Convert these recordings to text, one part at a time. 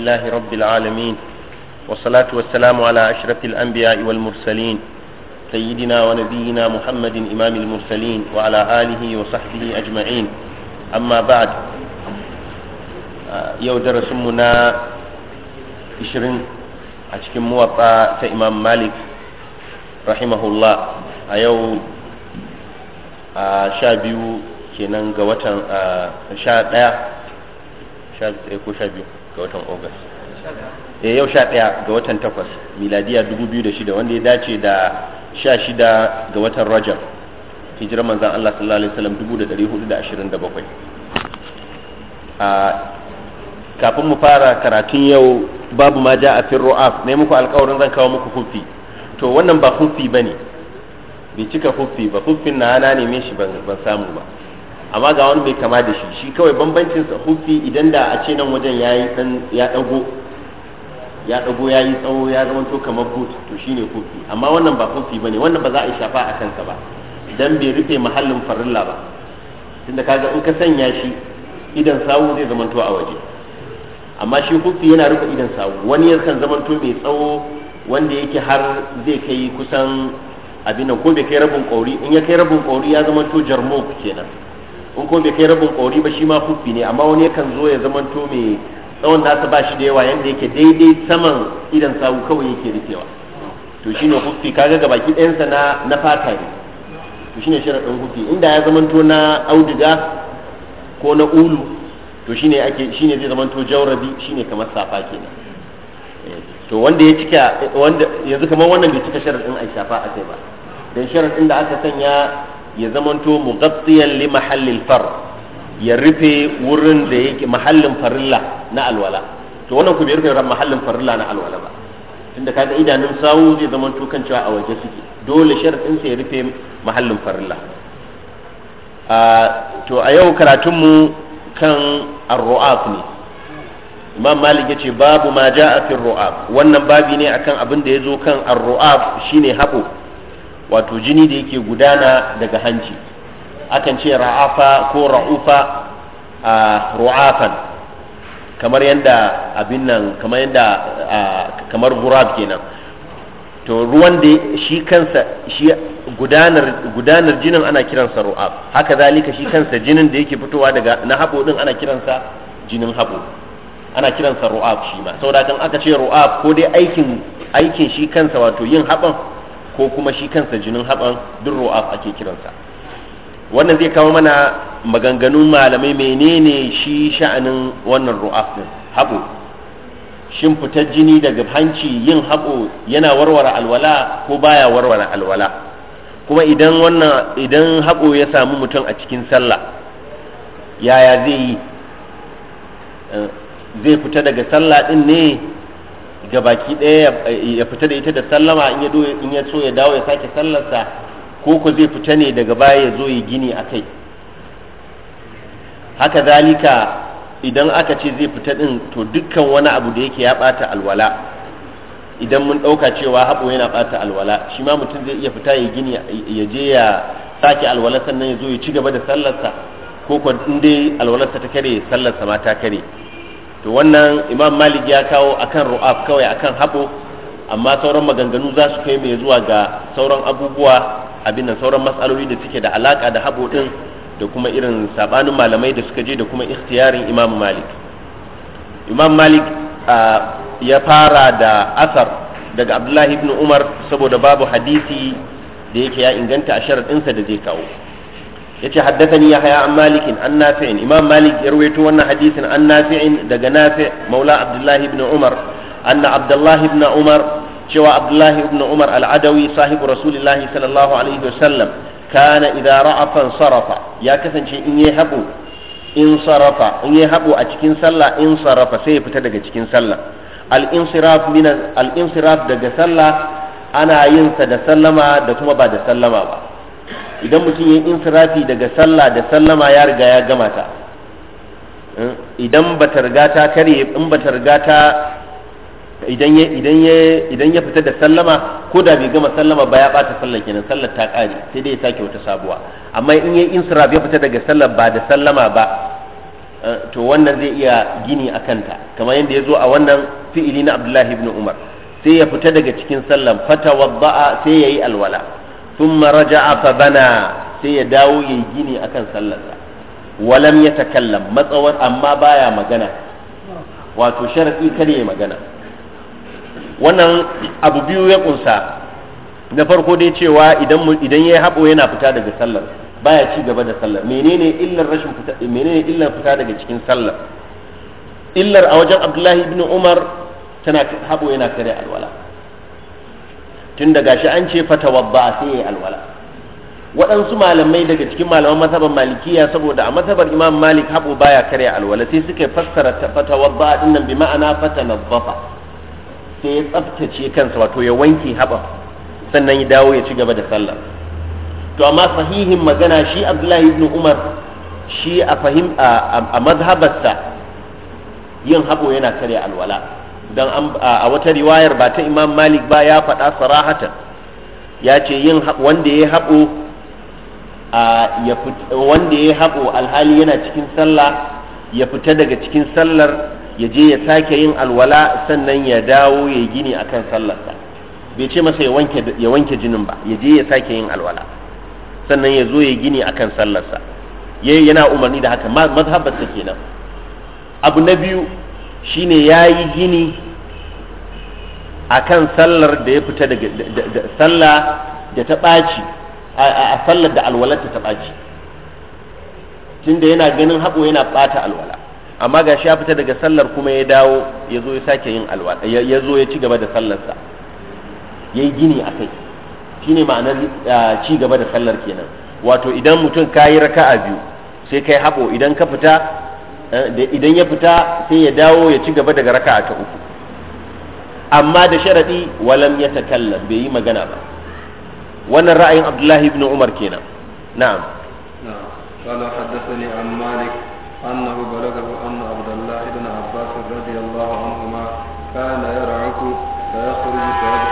لله رب العالمين والصلاة والسلام على أشرف الأنبياء والمرسلين سيدنا ونبينا محمد إمام المرسلين وعلى آله وصحبه أجمعين أما بعد يو درسمنا عشرين أشكم موطأ إمام مالك رحمه الله أيو sha biyu kenan ga watan sha ɗaya sha ko sha biyu ga watan August ya eh, yau sha ɗaya ga watan takwas miladiya dubu biyu da shida wanda ya dace da sha shida ga watan Rajab hijirar manzan Allah sallallahu alaihi wasallam da a kafin mu fara karatun yau babu ma ja a fin ru'af ne muku alkawarin zan kawo muku hufi to wannan ba hufi ne bai cika hufi ba hufin na ana neme shi ban samu ba amma ga wani bai kama da shi shi kawai bambancin sa hufi idan da a ce nan wajen yayi dan ya dago ya dago yayi tsawo ya zama to kamar boot to shine hufi amma wannan ba hufi bane wannan ba za a yi shafa a kansa ba dan bai rufe mahallin farilla ba tunda kaga in ka sanya shi idan sawu zai zama to a waje amma shi hufi yana rufe idan sawu wani yakan zama to mai tsawo wanda yake har zai kai kusan abin nan ko bai kai rabin kauri in ya kai rabin kauri ya zama to jarmo kenan in kuma bai kai rabin kori ba shi ma kufi ne amma wani yakan zo ya zamanto mai tsawon nasa ba shi da yawa yanda yake daidai saman idan sawu kawai yake rikewa to shine kufi kaga ga baki ɗayansa na na fata ne to shine sharaɗin kufi inda ya zamanto na auduga ko na ulu to shine ake shine zai to jawrabi shine kamar safa kenan eh, to wanda ya cika wanda yanzu kamar wannan bai cika sharaɗin a shafa a kai ba dan sharaɗin da aka sanya ya zamanto mughaddiyan li mahallil far ya rufe wurin da yake mahallin farilla na alwala to wannan ku bai rufe mahallin farilla na alwala ba tunda kaga idanun sawu zai zamanto kan cewa a waje suke dole sharadin sai ya rufe mahallin farilla to a yau karatun mu kan ar-ru'af ne imam malik ya babu ma ja'a fi ru'af wannan babi ne akan abin da ya zo kan ar-ru'af shine haɓo wato jini da yake gudana daga hanci akan ce ra'afa ko ra'ufa a ru'afan kamar yadda abin nan kamar yadda kamar gurab kenan to ruwan da shi kansa shi gudanar gudanar jinin ana kiransa ru'af haka zalika shi kansa jinin da yake fitowa daga na habo din ana kiransa jinin habo ana kiransa ru'af shi ma saboda kan aka ce ru'af ko dai aikin aikin shi kansa wato yin haban ko kuma shi kansa jinin haɓan duk ru'af ake kiransa wannan zai kawo mana maganganun malamai menene shi sha'anin wannan ru'af din haɓo shin fitar jini daga hanci yin haɓo yana warware alwala ko baya warware alwala kuma idan wannan idan haɓo ya samu mutum a cikin sallah yaya zai yi eh, zai fita daga sallah din ne gabaki ɗaya ya fita da ita da sallama in ya so ya dawo ya sake sallarsa ko ko zai fita ne daga baya ya zo ya gini a kai haka zalika idan aka ce zai fita ɗin to dukkan wani abu da yake ya ɓata alwala idan mun ɗauka cewa haɓo yana ɓata alwala shi ma mutum zai iya fita ya gini ya je ya sake alwala sannan ya zo ya ci gaba da sallarsa ko ko in dai alwalarsa ta kare sallarsa ma ta kare to wannan imam malik ya kawo akan ru'af kawai akan haɓo amma sauran maganganu za su kai mai zuwa ga sauran abubuwa abin nan sauran matsaloli da suke da alaka da habo ɗin da kuma irin sabanin malamai da suka je da kuma ikhtiyarin imam malik imam malik ya fara da asar daga abdullahi ibn umar saboda babu hadisi da yake ya inganta a ɗinsa da zai kawo yace haddathani yahya an malik an nafi' imam malik ya rawaito wannan hadisin an nafi' daga nafi' maula abdullahi ibn umar anna abdullahi ibn umar cewa abdullahi ibn umar al-adawi sahibu rasulillahi sallallahu alaihi wasallam kana idza ra'a sarafa ya kasance in yayi habu in sarafa in a cikin sallah in sarafa sai ya fita daga cikin sallah al-insiraf min al-insiraf daga sallah ana yin sa da sallama da kuma ba da sallama ba idan mutum ya yi insirafi daga sallah da sallama ya riga ya gama ta hmm? idan ba ta riga ta kare in ba ta riga ta idan ya idan ya idan ya fita da sallama ko da bai gama sallama ba ya bata sallar kenan sallar ta kare sai dai ya sake wata sabuwa amma in ya yi insirafi ya fita daga sallar ba da sallama ba eh, to wannan zai iya gini a kanta kamar yadda ya zo a wannan fi'ili na Abdullahi ibn Umar sai ya fita daga cikin sallan fatawadda'a sai yayi alwala ثم رجع فبنى سيداو يجيني أكن سلسة ولم يتكلم متصور أما بايا مجنى وتشرفي كلي magana wannan abu biyu ya kunsa na farko dai cewa idan idan ya haɓo yana fita daga sallar baya ci gaba da sallar menene illar rashin fita menene illar fita daga cikin sallar illar a wajen Abdullahi ibn Umar tana haɓo yana kare alwala tun daga shi an ce fatawadda sai yi alwala waɗansu malamai daga cikin malaman mazhabar malikiya saboda a mazhabar imam malik habu baya karya alwala sai suka fassara fatawadda din nan bi ma'ana fata fatanazzafa sai ya tsaftace kansa wato ya wanke haɓa sannan ya dawo ya ci gaba da sallah to amma sahihin magana shi abdullahi ibn umar shi a fahim a mazhabarsa yin haɓo yana karya alwala dan a wata riwayar ba ta imam malik ba ya faɗa sarahatan ya ce yin wanda ya haɓo wanda ya haɓo alhali yana cikin sallah ya fita daga cikin sallar ya je ya sake yin alwala sannan ya dawo ya gini akan sallarsa bai ce masa ya wanke jinin ba ya je ya sake yin alwala sannan ya zo ya gini akan sallarsa yayi yana umarni da haka mazhabar mazhabarsa kenan abu na biyu Shi ne ya yi gini a kan sallar da ya fita daga sallah da ta ɓaci a sallar da alwalarta ta ɓaci tunda yana ganin haɓo yana ɓata alwala amma ga shi ya fita daga sallar kuma ya dawo ya zo ya sake yin alwala ya zo ya ci gaba da sallarsa ya yi gini a kai shi ne ma'anar ci gaba da sallar kenan wato idan mutum ka yi raka'a biyu sai ka yi haɓo idan ka fita Eh, idan ya fita sai ya dawo ya ci gaba daga raka'a ta uku amma da sharadi walam ya takallam bai yi magana ba wannan ra'ayin abdullahi ibn umar kenan na'am قال حدثني عن مالك أنه بلغه أن عبد الله بن عباس رضي الله عنهما كان يرعك فيخرج فيدخل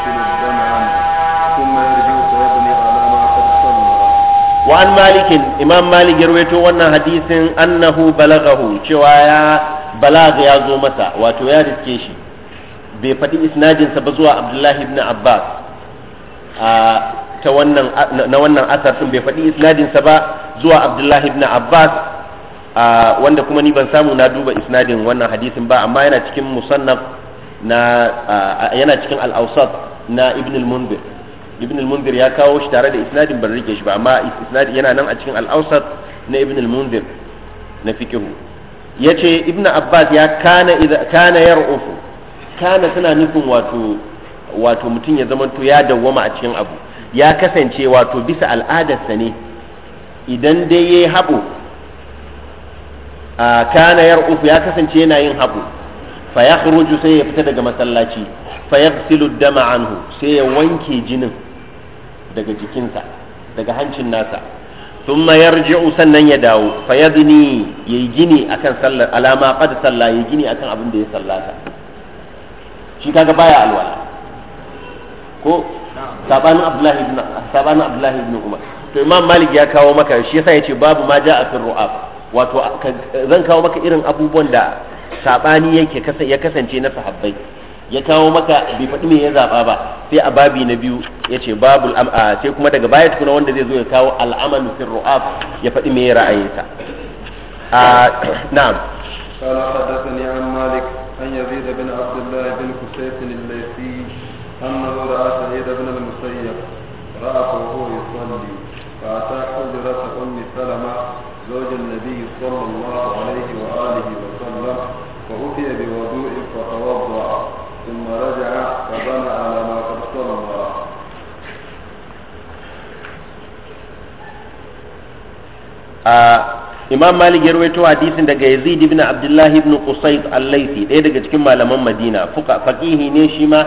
wa an malikin imam malik ya wannan hadisin annahu balagahu cewa ya balaga zo masa wato ya riske shi bai faɗi isnadinsa ba zuwa abdullahi ibn abbas na wannan asar din bai faɗi isnadinsa ba zuwa abdullahi ibn abbas wanda kuma ni ban samu na duba isnadin wannan hadisin ba amma yana cikin musannaf yana cikin al ausaf na ibn al-munzir ibn al-mundir ya kawo shi tare da isnadin ban rike shi ba amma isnadin yana nan a cikin al-awsat na ibn al-mundir na fikihu yace ibn abbas ya kana idza kana yar'ufu kana suna nufin wato wato mutum ya zamanto ya dawwama a cikin abu ya kasance wato bisa al'adarsa ne idan dai yayi habu a kana yar'ufu ya kasance yana yin habu fa yakhruju sai ya fita daga masallaci fa yaghsilu dama anhu sai ya wanke jinin daga jikinsa daga hancin nasa thumma yarji'u sannan ya dawo fayadini ya yi gini a kan alama qad salla ya yi gini a kan abin da ya sallata shi kaga baya alwala ko sabanin abdullahi ibn umar to imam malik ya kawo maka shi yasa ce babu ma ja a fi ru'ab wato zan kawo maka irin abubuwan da sabani yake ya kasance na sahabbai ya kawo maka bai faɗi me ya zaɓa ba sai a babi na biyu yace ce babul am'a sai kuma daga baya tukuna wanda zai zo ya kawo al'amal fil ru'af ya faɗi me ya ra'ayinsa a na'am qala hadathani an malik an yazid bin abdullah bin kusayf bin al-laythi anna ra'a sayyid ibn al-musayyib ra'a wa huwa yusalli fa ataka jurat ummi salama zawj an-nabi sallallahu alayhi wa alihi wa sallam fa utiya bi wudu'in fa tawadda رجع فبنى على ما Imam Malik ya rawaito hadisin daga Yazid ibn Abdullah ibn Qusayb al-Laythi ɗaya daga cikin malaman Madina fuka faqihi ne shi ma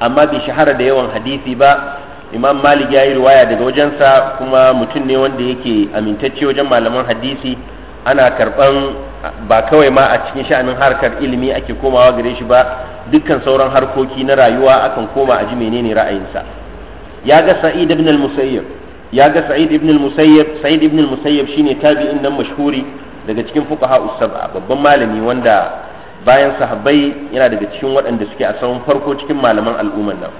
amma bai shahara da yawan hadisi ba Imam Malik ya yi riwaya daga wajensa kuma mutum ne wanda yake amintacce wajen malaman hadisi ana karban ba kawai ma a cikin sha'anin harkar ilimi ake komawa gare shi ba dukkan sauran harkoki na rayuwa akan koma a ji menene ra'ayinsa ya ga sa'id ibn al-musayyib ya ga sa'id ibn al-musayyib sa'id ibn al-musayyib shine tabi'in nan mashhuri daga cikin fuqaha us a babban malami wanda bayan sahabbai yana daga cikin waɗanda suke a sanin farko cikin malaman al'umman nan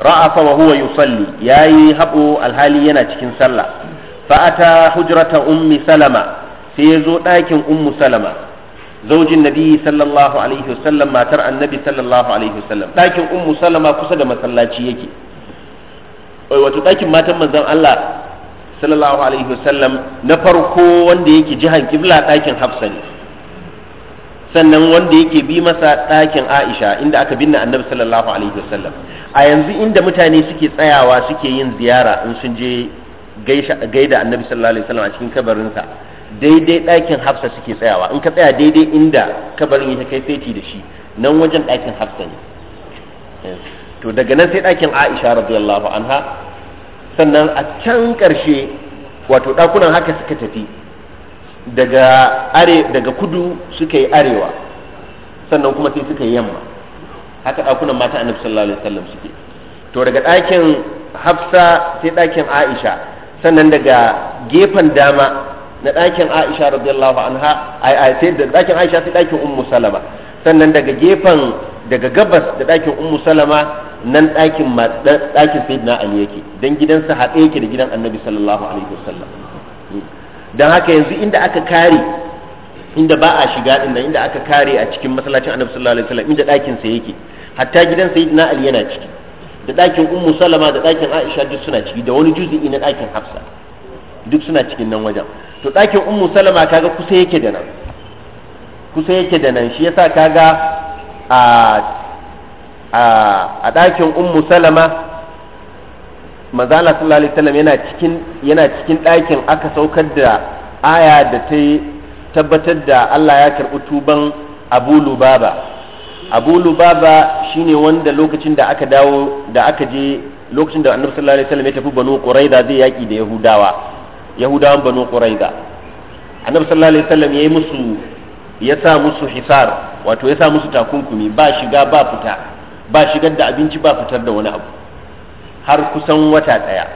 ra'a fa wa huwa yusalli yayi habo alhali yana cikin sallah fa ata hujrata ummi salama sai ya zo ɗakin ummu salama zaujin nabi sallallahu alaihi wasallam matar annabi sallallahu alaihi wasallam ɗakin ummu salama kusa da masallaci yake wato ɗakin matan manzon Allah sallallahu alaihi wasallam na farko wanda yake jihan kibla ɗakin hafsa ne sannan wanda yake bi masa ɗakin aisha inda aka binne annabi sallallahu alaihi wasallam a yanzu inda mutane suke tsayawa suke yin ziyara in sun je gaida annabi sallallahu alaihi wasallam a cikin kabarinsa daidai ɗakin hafsa suke tsayawa in ka tsaya daidai inda kabarin yake kai feti da shi nan wajen ɗakin hafsa ne to daga nan sai ɗakin aisha radiyallahu anha sannan a can ƙarshe wato ɗakunan haka suka tafi daga are daga kudu suka yi arewa sannan kuma sai suka yi yamma haka ɗakunan mata annabi sallallahu alaihi wasallam suke to daga ɗakin hafsa sai ɗakin aisha sannan daga gefen dama na ɗakin Aisha radiyallahu anha ai sai da ɗakin Aisha sai ɗakin Ummu Salama sannan daga gefen daga gabas da ɗakin Ummu Salama nan ɗakin ɗakin Sayyidina Ali yake dan gidansa haɗe yake da gidan Annabi sallallahu alaihi wasallam dan haka yanzu inda aka kare inda ba a shiga din inda aka kare a cikin masallacin Annabi sallallahu alaihi wasallam inda ɗakin sa yake hatta gidan Sayyidina Ali yana ciki da ɗakin Ummu Salama da ɗakin Aisha duk suna ciki da wani juzu'i na ɗakin Hafsa duk suna cikin nan wajen to ɗakin ummu salama kaga kusa yake da nan kusa yake da nan shi yasa kaga a a ɗakin ummu salama mazala sallallahu alaihi wasallam yana cikin yana cikin ɗakin aka saukar da aya da ta tabbatar da Allah ya karɓi tuban Abu Lubaba Abu Lubaba shine wanda lokacin da aka dawo da aka je lokacin da Annabi sallallahu alaihi wasallam ya tafi Banu Quraiza zai yaki da Yahudawa yahudawan banu quraiza annabi sallallahu alaihi wasallam yayi musu ya sa musu hisar wato ya sa musu takunkumi ba shiga ba fita ba shigar da abinci ba fitar da wani abu har kusan wata daya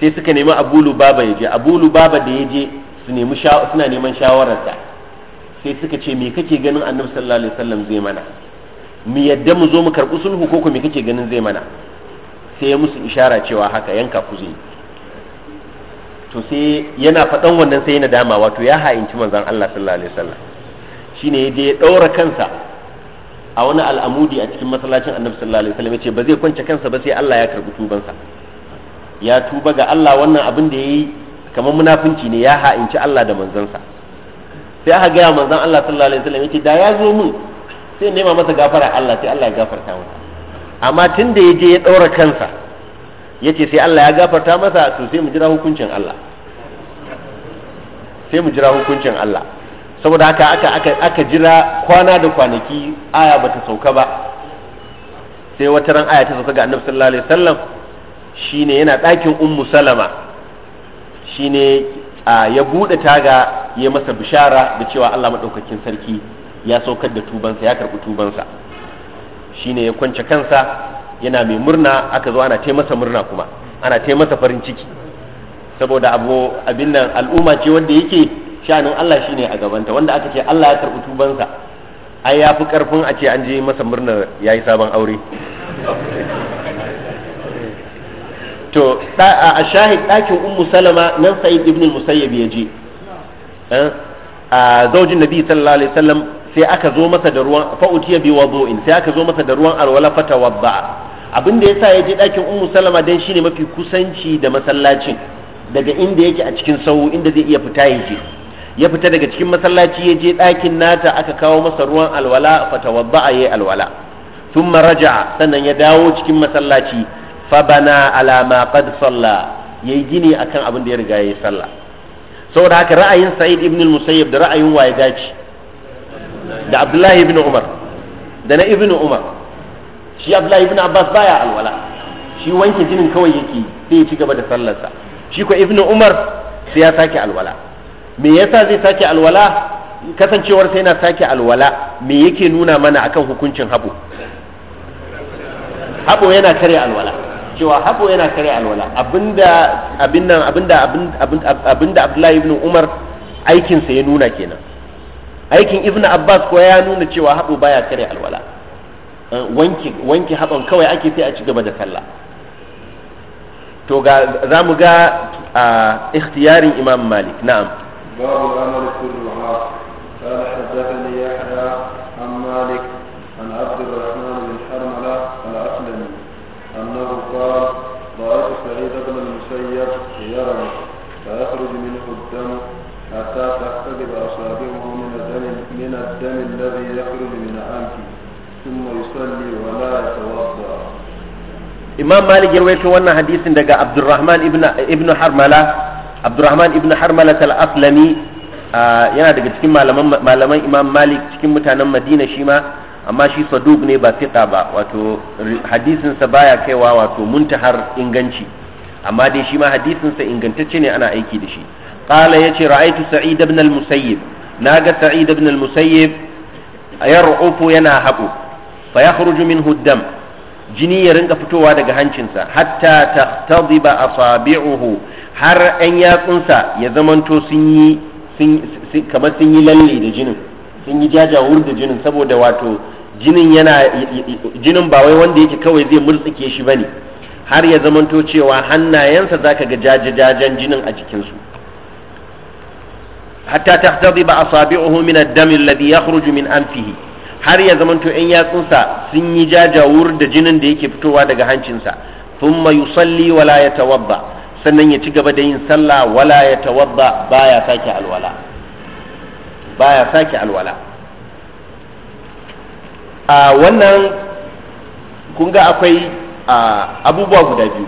sai suka nemi abulu baba ya je abulu baba da ya je su nemi suna neman da sai suka ce me kake ganin annabi sallallahu alaihi wasallam zai mana mu yadda mu zo mu karɓi sulhu ko ko me kake ganin zai mana sai ya musu ishara cewa haka yanka ku zai to sai yana faɗan wannan sai yana dama wato ya ha'inci manzan Allah sallallahu alaihi wasallam shine da ya ɗaura kansa a wani al'amudi a cikin masallacin annabi sallallahu alaihi wasallam yace ba zai kwance kansa ba sai Allah ya karbi tubansa ya tuba ga Allah wannan abin da yayi kamar munafunci ne ya ha'inci Allah da manzansa sai aka gaya manzan Allah sallallahu alaihi wasallam yace da ya zo min sai nema masa gafara Allah sai Allah ya gafarta masa amma tun da ya je ya ɗaura kansa ya ce sai Allah ya gafarta masa to sai mu jira hukuncin Allah sai mu jira hukuncin Allah saboda haka aka aka aka jira kwana da kwanaki aya bata sauka ba sai wata ran aya ta sauka ga Annabi sallallahu alaihi wasallam shine yana ɗakin Ummu Salama shine ya bude taga ya masa bishara da cewa Allah madaukakin sarki ya saukar da tubansa ya karbi tubansa shine ya kwance kansa yana mai murna aka zo ana taimasa murna kuma ana taimasa farin ciki saboda abu abin nan al'umma ce wanda yake sha'anin Allah shine a gabanta wanda aka ce Allah ya karɓi tubansa ai ya fi karfin a ce an je masa murna ya yi sabon aure to a shahid ɗakin ummu salama nan sa'id ibn musayyib ya je eh, a zaujin nabi sallallahu alaihi wasallam sai aka zo masa da ruwan fa'utiya bi wudu'in sai aka zo masa da ruwan alwala fata wadda abin da yasa ya dakin ummu salama dan shine mafi kusanci da masallacin daga inda yake a cikin sau inda zai iya fita yaje ya fita daga cikin masallaci yaje dakin nata aka kawo masa ruwan alwala fata wadda yayi alwala thumma raja'a sannan ya dawo cikin masallaci fa bana ala ma qad salla yayi gini akan abin da ya riga yayi sallah saboda haka ra'ayin sa'id ibn al-musayyib da ra'ayin waye dace da abdullahi ibn umar da na ibn umar shi abdullahi ibn abbas baya alwala shi wankin jinin kawai yake sai ya ci gaba da sallarsa shi ko ibn umar sai ya sake alwala me yasa zai sake alwala kasancewar sai yana sake alwala me yake nuna mana akan hukuncin habo habo yana kare alwala cewa habo yana kare alwala abinda abinda abinda abinda abdullahi ibn umar aikinsa ya nuna kenan aikin ibn abbas ko ya nuna cewa haɓo baya kare alwala wanki wanki haɓon kawai ake sai a ci gaba da sallah to ga za mu ga a ikhtiyarin imam malik na'am babu amal kullu قال حدثني يحيى عن مالك عن عبد الرحمن بن حرمله الاسلمي انه قال imam malik ya rawaito wannan hadisin daga Abdurrahman ibn ibn Harmala Abdurrahman ibn Harmala al-Aslami ah, yana daga cikin malaman malaman Imam Malik cikin mutanen Madina shi ma amma shi saduk ne ba fiqa ba wato hadisin sa baya kaiwa wato muntahar inganci amma dai shi ma hadisin sa ingantacce ne ana aiki da shi qala yace ra'aytu sa'id ibn al-musayyib naga sa'id ibn al-musayyib yar'ufu yana habu fa yakhruju minhu hudam jini ya rinka fitowa daga hancinsa hatta tahtadiba uhu har yan yatsunsa ya zamanto sun yi kamar sun yi lalle da jinin sun yi jajawur da jinin saboda wato jinin yana jinin ba wai wanda yake kawai zai murtsike shi ba ne har ya zamanto cewa hannayensa za ka ga jajajajen jinin a jikinsu hatta tahtadiba asabi'uhu min ad-dam alladhi yakhruju min anfihi har ya zamanto yan yatsunsa sun yi jajawur da jinin da yake fitowa daga hancinsa thumma salli wala ya tawabba sannan ya ci gaba da yin sallah wala ya tawabba baya sake alwala baya sake alwala a wannan kun ga akwai abubuwa guda biyu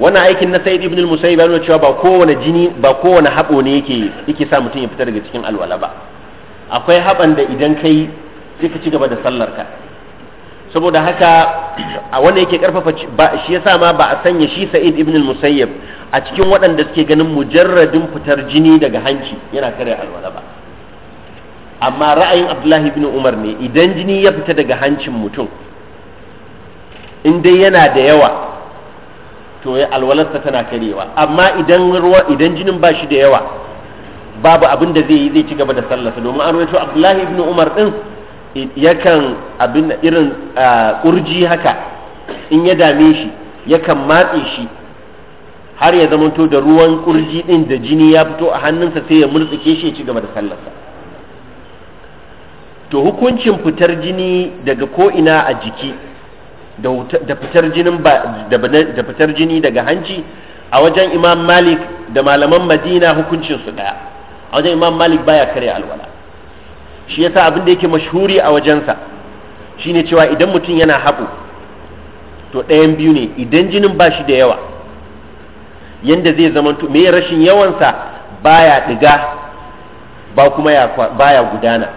wannan aikin na sayyid ibn al-musayyib yana cewa ba kowane jini ba kowane haƙo ne yake yake sa mutum ya fita daga cikin alwala ba akwai haɓan da idan kai sai ka ci gaba da sallar ka saboda haka a wanda yake karfafa shi yasa ma ba a sanya shi sa'id ibn al-musayyib a cikin waɗanda suke ganin mujarradin fitar jini daga hanci yana kare alwala ba amma ra'ayin abdullahi ibn umar ne idan jini ya fita daga hancin mutum in dai yana da yawa to alwalarsa tana karewa amma idan idan jinin ba shi da yawa babu abin da zai yi zai ci gaba da sallarsa domin an rawaito Abdullahi ibn Umar din yakan abin irin kurji haka in ya dame shi yakan matse shi har ya zamanto da ruwan kurji din da jini ya fito a hannunsa sai ya murtsike shi ya ci gaba da sallarsa to hukuncin fitar jini daga ko ina a jiki da fitar jinin da fitar jini daga hanci a wajen imam malik da malaman madina hukuncin su daya a wajen imam malik baya karya alwala shi yasa abin da yake mashhuri a wajensa shine cewa idan mutum yana haɓu to ɗayan biyu ne idan jinin ba shi da yawa yanda zai to me rashin yawansa baya ɗiga ba kuma ya baya gudana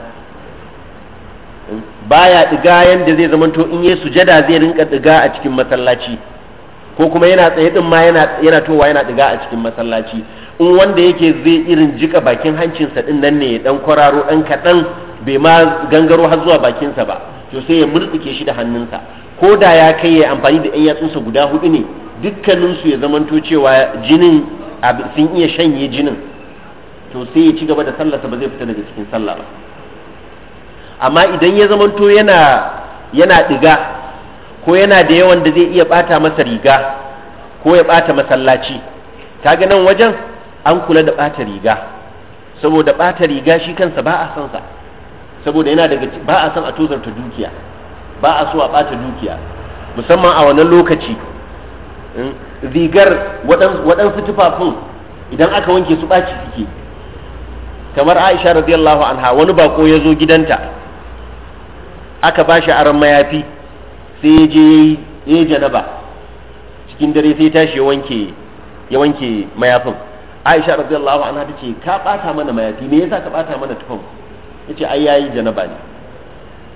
baya ɗiga yanda zai zamanto in ya sujada zai rinka ɗiga a cikin masallaci ko kuma yana tsaye din ma yana yana towa yana ɗiga a cikin masallaci in wanda yake zai irin jika bakin hancinsa din nan ne dan kwararo dan kaɗan bai ma gangaro har zuwa bakinsa ba to sai ya murtuke shi da hannunsa ko da ya kai ya amfani da 'yan yatsunsa guda hudu ne dukkaninsu ya zamanto cewa jinin sun iya shanye jinin to sai ya ci gaba da sallarsa ba zai fita daga cikin sallah ba amma idan ya zamanto yana yana diga ko yana da yawan da zai iya bata masa riga ko ya bata masallaci kaga nan wajen an kula da ɓata riga saboda ɓata riga shi kansa ba a son saboda yana daga ba a son a tozarta dukiya ba a so a ɓata dukiya musamman a wannan lokaci hmm? rigar waɗansu tufafin idan aka wanke su ɓaci suke kamar aisha radiyallahu anha wani bako ya zo gidanta aka ba shi aron mayafi sai ya je ya yi janaba cikin dare sai tashi ya wanke mayafin aisha radiyallahu anha tace ka bata mana mayafi me yasa ka bata mana tufan yace ai yayi janaba ne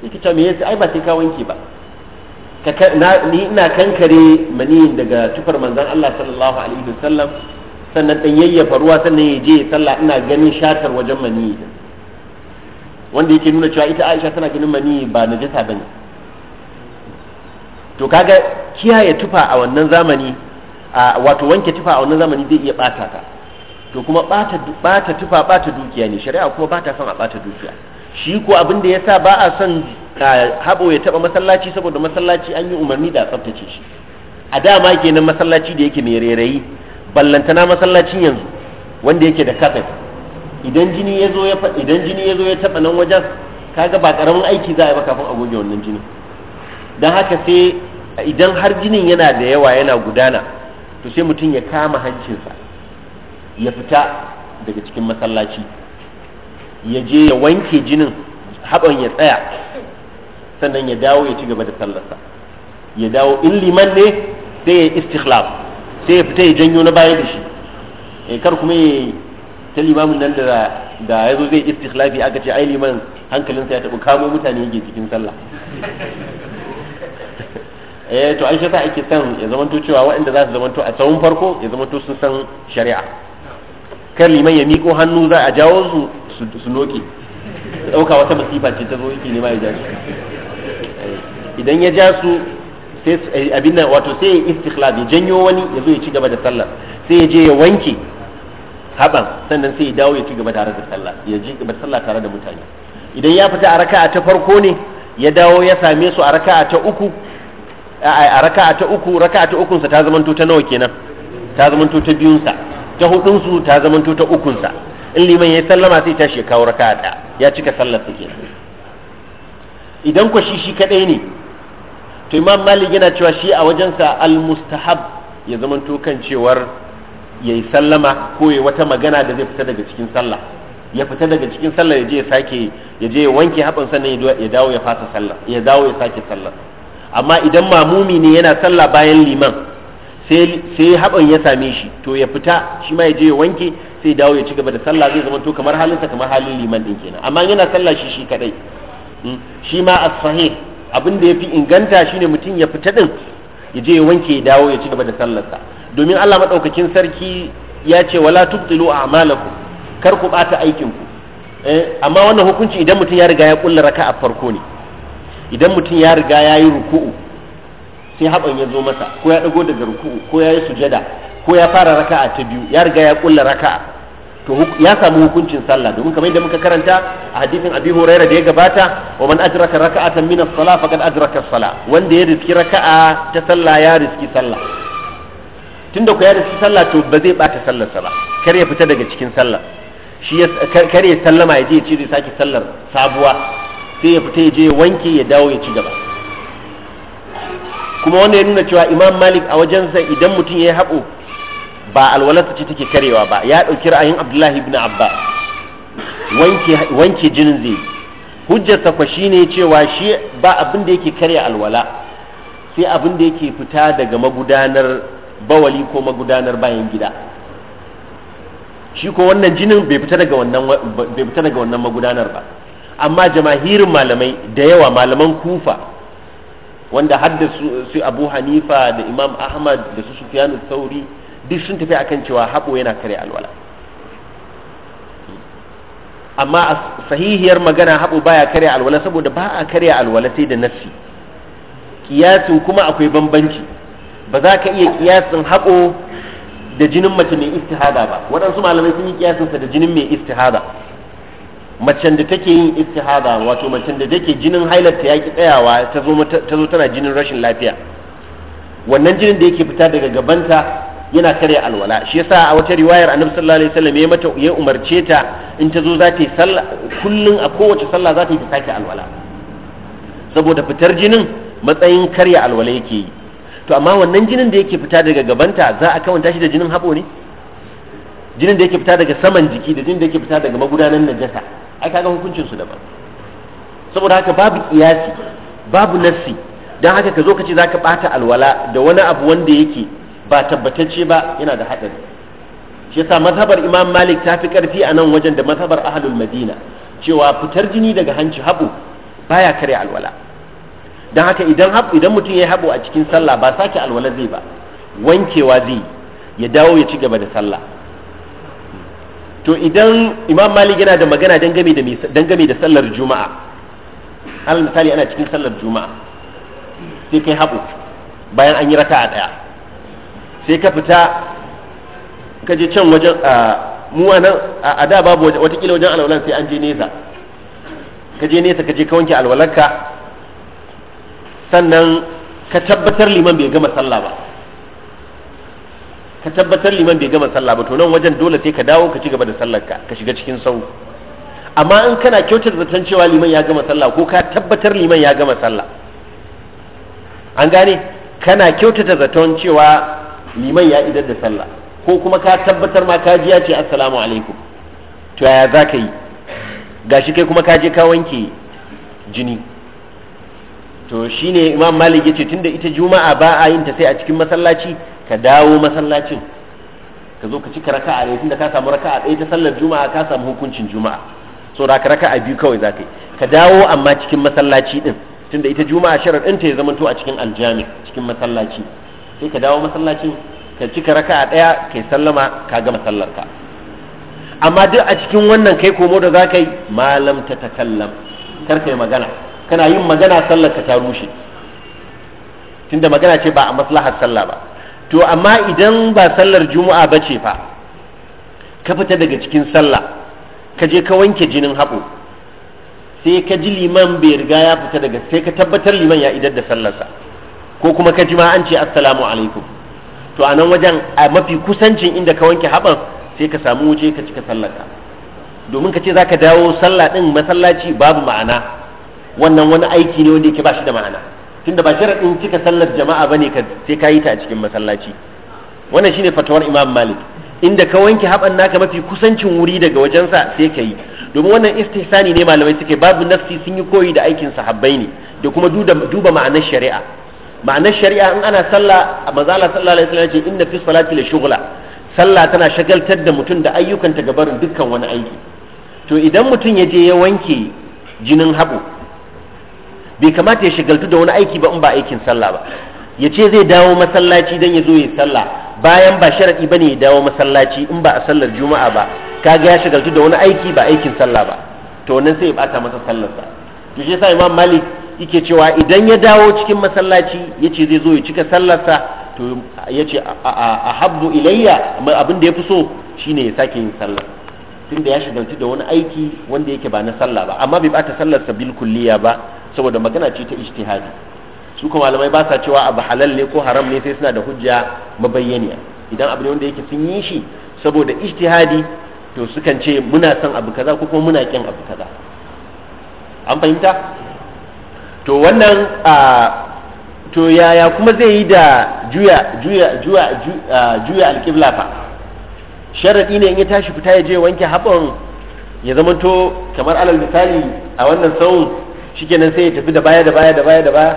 yake ta me yasa ai ba sai ka wanke ba ni ina kankare maniyin daga tufar manzon Allah sallallahu alaihi wasallam sannan dan yayyafa ruwa sannan ya je sallah ina ganin shatar wajen maniyi wanda yake nuna cewa ita Aisha tana ganin maniyi ba najasa bane to kaga kiyaye tufa a wannan zamani wato wanke tufa a wannan zamani zai iya bata ta to kuma bata tufa bata dukiya ne shari'a kuma bata son a bata dukiya shi ko abin da yasa ba a son habo ya taba masallaci saboda masallaci an yi umarni da tsaftace shi a dama kenan masallaci da yake mai rerayi ballantana masallacin yanzu wanda yake da kafet idan jini ya zo ya idan jini ya zo ya taba nan wajen kaga ba karamin aiki za a yi ba kafin a goge wannan jini dan haka sai idan har jinin yana da yawa yana gudana to sai mutum ya kama hancinsa ya fita daga cikin masallaci ya je ya wanke jinin haɓon ya tsaya sannan ya dawo ya ci gaba da sallarsa ya dawo in liman ne sai ya istikhlaf sai ya fita ya janyo na baya da shi eh, kar kuma ya ta limamin nan da da ya zo zai istikhlafi aka ce ai liman hankalinsa ya taɓa kamo mutane yake cikin sallah eh to an shi ake son ya zamanto cewa waɗanda za su zamanto a tsawon farko ya zamanto sun san shari'a kan liman ya miko hannu za a jawo su su noke ɗauka wata masifa ce ta zo yake nema ya ja su idan ya ja su sai eh, abin nan wato sai ya istikhlab ya janyo wani ya zo ya ci gaba da sallah sai ya je ya wanke haban sannan sai ya dawo ya ci gaba tare da sallah ya ji gaba sallah tare da mutane idan ya fita a raka'a ta farko ne ya dawo ya same su a raka'a ta uku a raka'a ta uku raka'a ta ukunsa ta zamanto ta nawa kenan ta zamanto ta biyunsa ta hudun su ta zamanto ta ukunsa in liman ya yi sallama sai ta shi kawo raka'a ɗaya ya cika sallar su kenan idan ko shi shi kadai ne to imam malik yana cewa shi a wajensa al-mustahab ya zamanto kan cewar yayi sallama ko ya wata magana da zai fita daga cikin sallah ya fita daga cikin sallah ya je ya sake ya je ya wanke haɓin sannan ya dawo ya fasa sallah ya dawo ya sake sallah amma idan mamumi ne yana sallah bayan liman sai haɓan ya same shi to ya fita shi ma ya je ya wanke sai dawo ya ci gaba da sallah zai zama to kamar halinsa kamar halin liman ɗin kenan amma yana sallah shi shi kadai hmm? shi ma a sahih abin da fi inganta shine mutum ya fita din ya je ya wanke ya dawo ya ci gaba da sallarsa domin Allah maɗaukakin sarki ya ce wala tubtilu a'malakum kar ku bata aikin ku eh, amma wannan hukunci idan mutum ya riga ya raka raka'a farko ne idan mutum ya riga ya yi ruku'u sai haɓan ya zo masa ko ya ɗago daga ruku'u ko ya yi sujada ko ya fara raka'a ta biyu ya riga ya kulla raka'a to ya samu hukuncin sallah domin kamar yadda muka karanta a hadisin abi huraira da ya gabata wa man ajraka raka'atan min as-salah faqad ajraka as-salah wanda ya riski raka'a ta sallah ya riski sallah tunda ku ya riski sallah to ba zai bata sallarsa ba kar ya fita daga cikin sallah shi kar ya sallama ya je ya ci zai sallar sabuwa sai ya fita ya je ya wanke ya dawo ya ci gaba kuma wanda ya nuna cewa imam malik a wajensa idan mutum ya yi haɓo ba alwalarsa ce take karewa ba ya ɗauki ra'ayin abdullahi ibn abba wanke jinin zai hujjarsa kwa ne cewa shi ba abin da yake karya alwala sai abin da yake fita daga magudanar bawali ko magudanar bayan gida shi ko wannan jinin bai fita daga wannan wannan magudanar ba amma jamahirin malamai da yawa malaman kufa wanda haddasa abu hanifa da imam ahmad da su sufiyanu sauri duk sun tafi akan cewa haɓo yana kare alwala amma a sahihiyar magana haɓo baya kare alwala saboda ba a kare alwala sai da nassi kiyasin kuma akwai bambanci ba za ka iya kiyasin haɓo da jinin mace mai istihada ba waɗansu malamai sun yi kiyasinsa da jinin mai istihada macen da take yin istihada wato macen da take jinin hailarta ya ki tsayawa ta zo tana jinin rashin lafiya wannan jinin da yake fita daga gabanta yana karya alwala shi yasa a wata riwayar annabi sallallahu alaihi wasallam ya mata ya umarce ta in ta zo za ta yi sallah kullun a kowace sallah za ta yi sake alwala saboda fitar jinin matsayin karya alwala yake yi to amma wannan jinin da yake fita daga gabanta za a kawanta shi da jinin habo ne jinin da yake fita daga saman jiki da jinin da yake fita daga magudanan najasa ai kaga hukuncin su daban saboda haka babu kiyasi babu nafsi dan haka ka zo ka ce zaka bata alwala da wani abu wanda yake ba tabbatacce ba yana da hadari shi yasa mazhabar Imam Malik ta fi karfi a nan wajen da mazhabar Ahlul Madina cewa fitar jini daga hanci habu baya kare alwala dan haka idan habu idan mutum ya habu a cikin sallah ba sake alwala zai ba wankewa zai ya dawo ya ci gaba da sallah to idan imam malik yana da magana dangane da dangane da sallar juma'a alal misali ana cikin sallar juma'a sai kai haɓu bayan an yi raka'a daya sai ka fita ka je can wajen mu a nan a da babu watakila wajen alwalan sai an je nesa ka je nesa ka je ka wanke alwalarka sannan ka tabbatar liman bai gama sallah ba ka tabbatar liman bai gama sallah ba to nan wajen dole sai ka dawo ka ci gaba da sallar ka ka shiga cikin sau amma in kana kyautar zaton cewa liman ya gama sallah ko ka tabbatar liman ya gama sallah an gane kana kyautata zaton cewa liman ya idar da sallah ko kuma ka tabbatar ma ka ji ya ce assalamu alaikum to yaya za ka yi gashi kai kuma ka je ka wanke jini to shine imam malik yace tunda ita juma'a ba a yin ta sai a cikin masallaci ka dawo masallacin ka zo ka cika raka'a ne tunda ka samu raka'a ɗaya ta sallar juma'a ka samu hukuncin juma'a so da raka'a biyu kawai za ka yi ka dawo amma cikin masallaci din tunda ita juma'a sharar ɗinta ya to a cikin aljami cikin masallaci sai ka dawo masallacin ka cika raka'a ɗaya kai sallama ka gama sallar ka amma duk a cikin wannan kai komo da za ka yi malam ta takallam kar ka yi magana kana yin magana sallar ka ta rushe tunda magana ce ba a maslahar sallah ba to amma idan ba sallar juma'a ba ce fa ka fita daga cikin sallah ka je ka wanke jinin haɓo sai ka ji liman bai riga ya fita daga sai ka tabbatar liman ya idar da sallarsa ko kuma ka ji ma an ce assalamu alaikum to a nan wajen a mafi kusancin inda ka wanke haɓar sai ka samu waje ka cika sallarka domin ka ce za ka dawo sallah ɗin masallaci babu ma'ana wannan wani aiki ne wanda yake ba shi da ma'ana tunda ba sharadin kika sallar jama'a bane ka sai ka yi ta a cikin masallaci wannan shine fatawar Imam Malik inda ka wanke haban naka mafi kusancin wuri daga wajensa sai ka yi domin wannan istihsani ne malamai suke babu nafsi sun yi koyi da aikin sahabbai ne da kuma duba ma'anar shari'a ma'anar shari'a in ana sallah a mazala sallallahu alaihi wasallam ce inna fi salati la shughla sallah tana shagaltar da mutum da ayyukan ta gabarin dukkan wani aiki to idan mutum ya je ya wanke jinin haɓo bai kamata ya shigaltu da wani aiki ba in ba aikin sallah ba ya ce zai dawo masallaci don ya zo ya sallah bayan ba sharaɗi ba ne ya dawo masallaci in ba a sallar juma'a ba kaga ya shigaltu da wani aiki ba aikin sallah ba to wannan sai ya bata masa sallarsa to shi yasa imam malik yake cewa idan ya dawo cikin masallaci yace zai zo ya cika sallarsa to yace a habdu ilayya abin da ya fi so shine ya sake yin sallah tunda ya shigaltu da wani aiki wanda yake ba na sallah ba amma bai bata sallarsa bil kulliya ba saboda magana ce ta ijtihadi su kuma malamai ba sa cewa abu halal ne ko haram ne sai suna da hujja mabayyaniya idan abu ne wanda yake sun yi shi saboda ijtihadi to sukan ce muna son abu kaza ko kuma muna kin abu kaza an fahimta to wannan a to yaya kuma zai yi da juya juya juya juya alƙibla fa sharaɗi ne in ya tashi fita ya je wanke haɓon ya zamanto kamar alal misali a wannan sauran shikenan sai ya tafi da baya da baya da baya da baya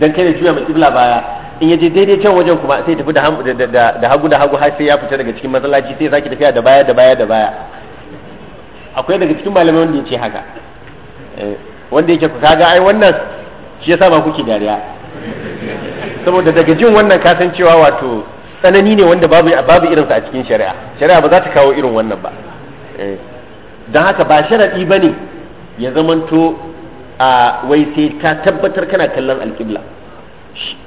dan kai da juya mai kibla baya in ya je daidai can wajen kuma sai ya tafi da da hagu da hagu har sai ya fita daga cikin masallaci sai ya saki tafiya da baya da baya da baya akwai daga cikin malamai wanda ya haka eh, wanda yake ku kaga ai wannan shi yasa ba kuke dariya saboda daga jin wannan san cewa wato tsanani ne wanda babu babu sa a cikin shari'a shari'a ba za ta kawo irin wannan ba eh, don haka ba sharaɗi ba ne ya zamanto a wai sai ka tabbatar kana kallon alƙibla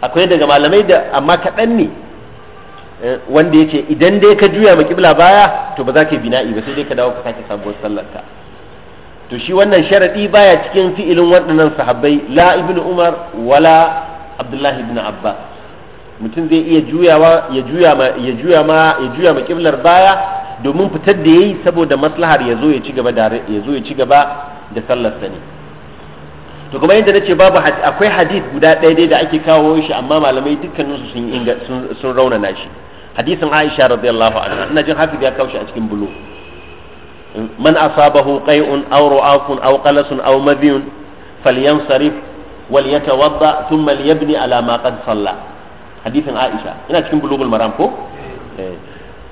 akwai daga malamai da amma kaɗan ne eh, wanda ya ce idan dai ka juya ma ƙibla baya to ba za ka yi bina'i ba sai dai ka dawo ka sake sabuwar sallar to shi wannan sharaɗi baya cikin fi'ilin waɗannan sahabbai la ibn umar wala abdullahi ibn abbas mutum zai iya juyawa ya juya ma ya juya ma ya juya ma ƙiblar baya domin fitar da yayi saboda maslahar ya zo ya ci gaba da ya ya ci gaba da sallar sa ne to kuma yadda nace babu akwai hadith guda ɗaya dai da ake kawo shi amma malamai dukkanin su sun sun raunana shi hadisin Aisha radiyallahu anha ina jin hafiz ya kawo shi a cikin bulo man asabahu qai'un aw ru'afun aw qalasun aw madiyun falyansarif waliyatawadda thumma liyabni ala ma qad salla hadisin Aisha ina cikin bulugul maram ko eh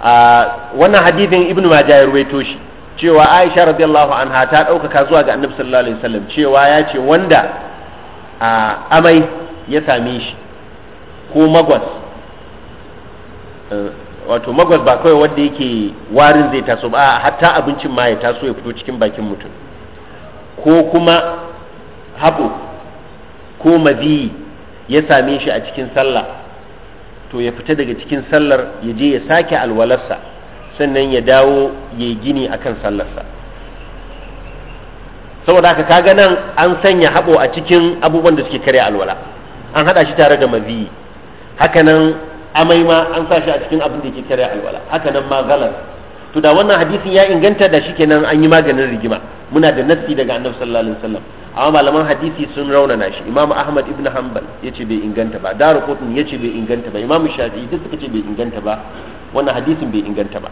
ah, wannan hadithin ibnu majah ya ruwaito shi cewa Aisha radiyallahu anha ta ɗaukaka zuwa ga Annabi sallallahu alaihi wasallam cewa ya ce wanda amai ya same shi ko magwas eh, wato magwas ba kawai wanda yake warin zai taso ba hatta abincin ma ya taso ya fito cikin bakin mutum ko kuma haɓo ko mabi ya same shi a cikin sallah to ya fita daga cikin sallar ya je ya sake alwalarsa sannan ya dawo ya yi gini akan sallarsa saboda haka kaga nan an sanya haɓo a cikin abubuwan da suke karya alwala an haɗa shi tare da maziyi haka nan amai ma an sa shi a cikin abin da ke karya alwala haka nan ma galar to da wannan hadisin ya inganta da shi kenan an yi maganin rigima muna da nassi daga annabi sallallahu alaihi wasallam amma malaman hadisi sun raunana shi imamu ahmad ibn hanbal yace bai inganta ba daru qutni yace bai inganta ba imamu shafi'i duk suka ce bai inganta ba wannan hadisin bai inganta ba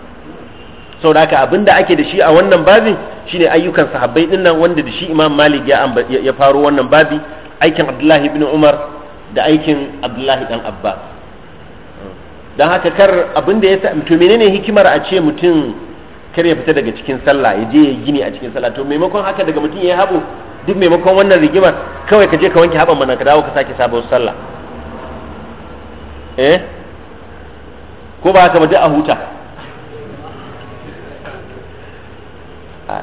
sau da aka abinda ake da shi a wannan babin shine ayyukan sahabbai din nan wanda da shi Imam Malik ya ya faro wannan babi aikin Abdullahi ibn Umar da aikin Abdullahi dan Abbas dan haka kar abinda ya to menene hikimar a ce mutum kar ya fita daga cikin sallah ya je ya gini a cikin sallah to maimakon haka daga mutum ya haɓo duk maimakon wannan rigimar kawai ka je ka wanke haban mana ka dawo ka sake sabon sallah eh ko ba haka ba a huta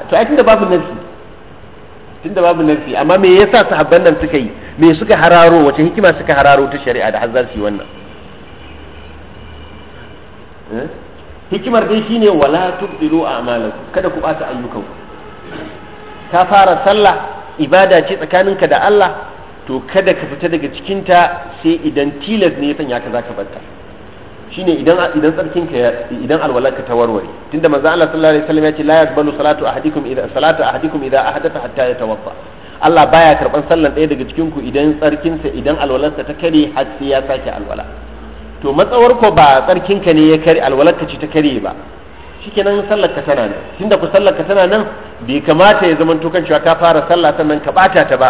to ai tunda babu nafsi tunda babu nafsi amma me yasa sahabban nan suka yi me suka hararo wace hikima suka hararo ta shari'a da har su yi wannan eh? hikimar dai shine wala tubdilu a'malakum kada ku bata ku, ka fara sallah ibada ce tsakaninka da Allah to kada ka fita daga cikinta sai idan tilas ne ya sanya ka zaka barta shine idan idan tsarkinka idan alwalarka ta warware tunda manzo Allah sallallahu alaihi wasallam ya ce la yaqbalu salatu ahadikum idza salatu ahadikum idza ahadatha hatta yatawadda Allah baya karban sallan ɗaya daga cikin ku idan tsarkinsa idan alwalarsa ta kare har sai ya sake alwala to matsawar ko ba tsarkinka ne ya kare alwalarka ce ta kare ba shikenan sallar ka tana nan tunda ku sallar ka tana nan bai kamata ya zama tukan cewa ka fara sallah sannan ka bata ta ba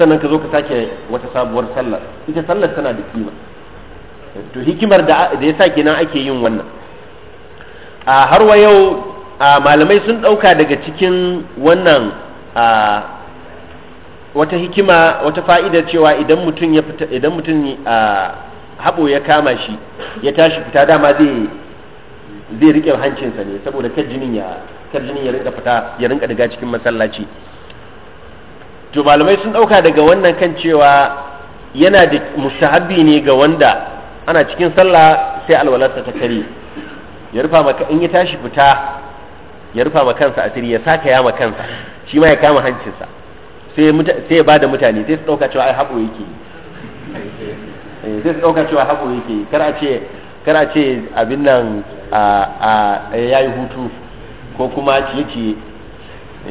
sannan ka zo ka sake wata sabuwar sallar ita sallar tana da kima to hikimar da ya sa kenan ake yin wannan a har wa yau malamai sun ɗauka daga cikin wannan wata hikima wata fa'ida cewa idan mutum ya fita idan mutum habo ya kama shi ya tashi fita dama zai zai riƙe hancinsa ne saboda kar jinin ya kar jinin ya rinka fita ya rinka daga cikin masallaci to malamai sun ɗauka daga wannan kan cewa yana da mustahabbi ne ga wanda ana cikin sallah sai alwalarsa ta kare ya rufa maka in ya tashi fita ya rufa ma kansa asiri ya saka ya ma kansa shi ma ya kama hancinsa sai ya bada mutane sai su dauka cewa ai haƙo yake eh, sai su dauka cewa haƙo yake kar a ce kar a ce abin nan a yayi hutu ko kuma ciye ciye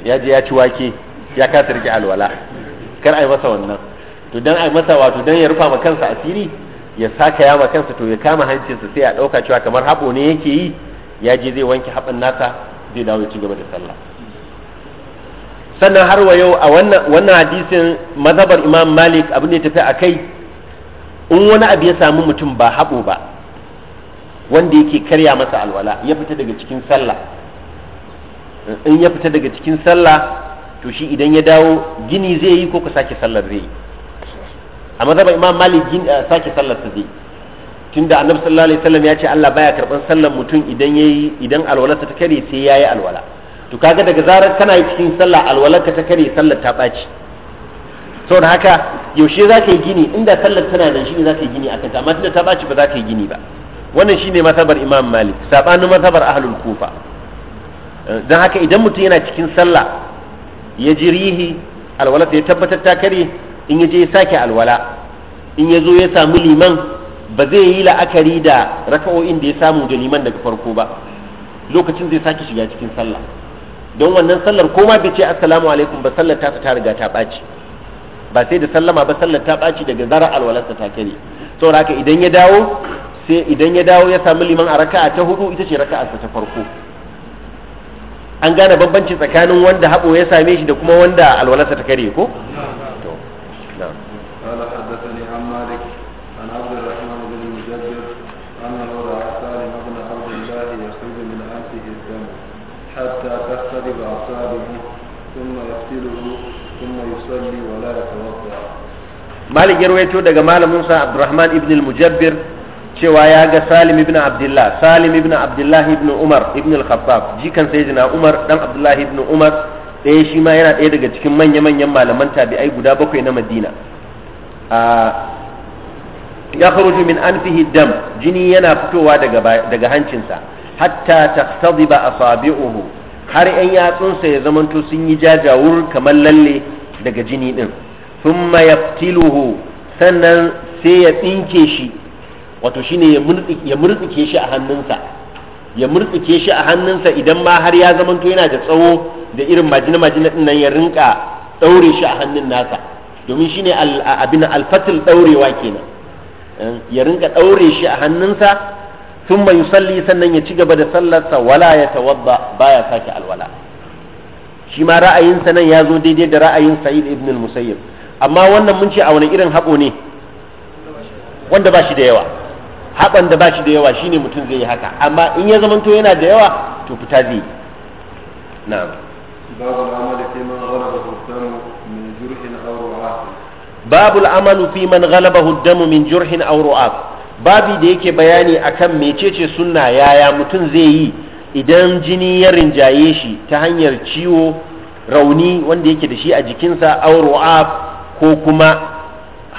ya je ya ci wake ya kasa rike alwala kar a yi masa wannan to dan a yi masa wato dan ya rufa ma kansa asiri ya saka yama kansa to ya kama hancinsa sai a ɗauka cewa kamar haɓo ne yake yi ya je zai wanke haɓan nasa zai dawo ya ci gaba da sallah sannan har wa yau a wannan hadisin mazhabar imam malik abin da ya tafi a kai in wani abu ya samu mutum ba haɓo ba wanda yake karya masa alwala ya fita daga cikin sallah in ya fita daga cikin sallah to shi idan ya dawo gini zai yi ko ka sake sallar zai yi a mazhaban imam malik eh, sake sallar ta zai tunda annabi sallallahu alaihi wasallam ya ce Allah baya karban sallar mutum idan yayi idan alwalarsa ta kare sai yayi alwala to kaga daga zarar kana cikin sallah alwalarka ta kare sallar ta baci saboda haka yaushe za ka yi gini inda sallar tana nan shine za ka yi gini akan ta amma tunda ta baci ba za ka yi gini ba wannan shine mazhabar imam malik sabanin mazhabar ahlul kufa eh, dan haka idan mutum yana cikin sallah ya ji rihi alwalarsa ya tabbatar ta kare in ya je ya sake alwala in ya zo ya samu liman ba zai yi la'akari da raka'o'in da ya samu da liman daga farko ba lokacin zai sake shiga cikin sallah don wannan sallar ko ma bai ce assalamu alaikum ba sallar ta ta riga ta ɓaci ba sai da sallama ba sallar ta ɓaci daga zara alwalarsa ta kare saboda haka idan ya dawo sai idan ya dawo ya samu liman a raka'a ta hudu ita ce raka'arsa ta farko an gane bambanci tsakanin wanda haɓo ya same shi da kuma wanda alwalarsa ta kare ko malik ya rawaito daga malamin sa abdurrahman ibn al-mujabbir cewa ya ga salim ibn abdullah salim ibn abdullah ibn umar ibn al-khattab jikan sayyidina umar dan abdullah ibn umar ɗaya eh, shi ma yana ɗaya daga cikin manya-manyan malaman tabi'ai guda bakwai na madina ya kharuju min anfihi dam jini yana fitowa daga daga hancinsa hatta taqtadiba asabi'uhu har 'yan yatsunsa ya zamanto sun yi jajawur kamar lalle daga jini din thumma yaftiluhu sannan sai ya tsinke shi wato shine ya murtsike shi a hannunsa ya murtsike shi a hannunsa idan ma har ya zamanto yana da tsawo da irin majina majina din nan ya rinka daure shi a hannun nasa domin shine abin alfatil daurewa kenan ya rinka daure shi a hannunsa sun mai salli sannan ya ci gaba da sallarsa wala ya tawadda baya sake alwala shi ma ra'ayinsa nan ya zo daidai da ra'ayin sa'id ibn al-musayyib amma wannan mun ce a wani irin haƙo ne wanda ba shi da yawa haɓan da ba shi da yawa shine mutum zai yi haka amma in ya zamanto yana da yawa to fita zai yi na. babu al'amalu fi man ghalaba huddamu min jurhin aw ru'ab babu fi man min babi da yake bayani akan mecece sunna yaya mutum zai yi idan jini ya rinjaye shi ta hanyar ciwo rauni wanda yake da shi a jikinsa aw ru'ab ko kuma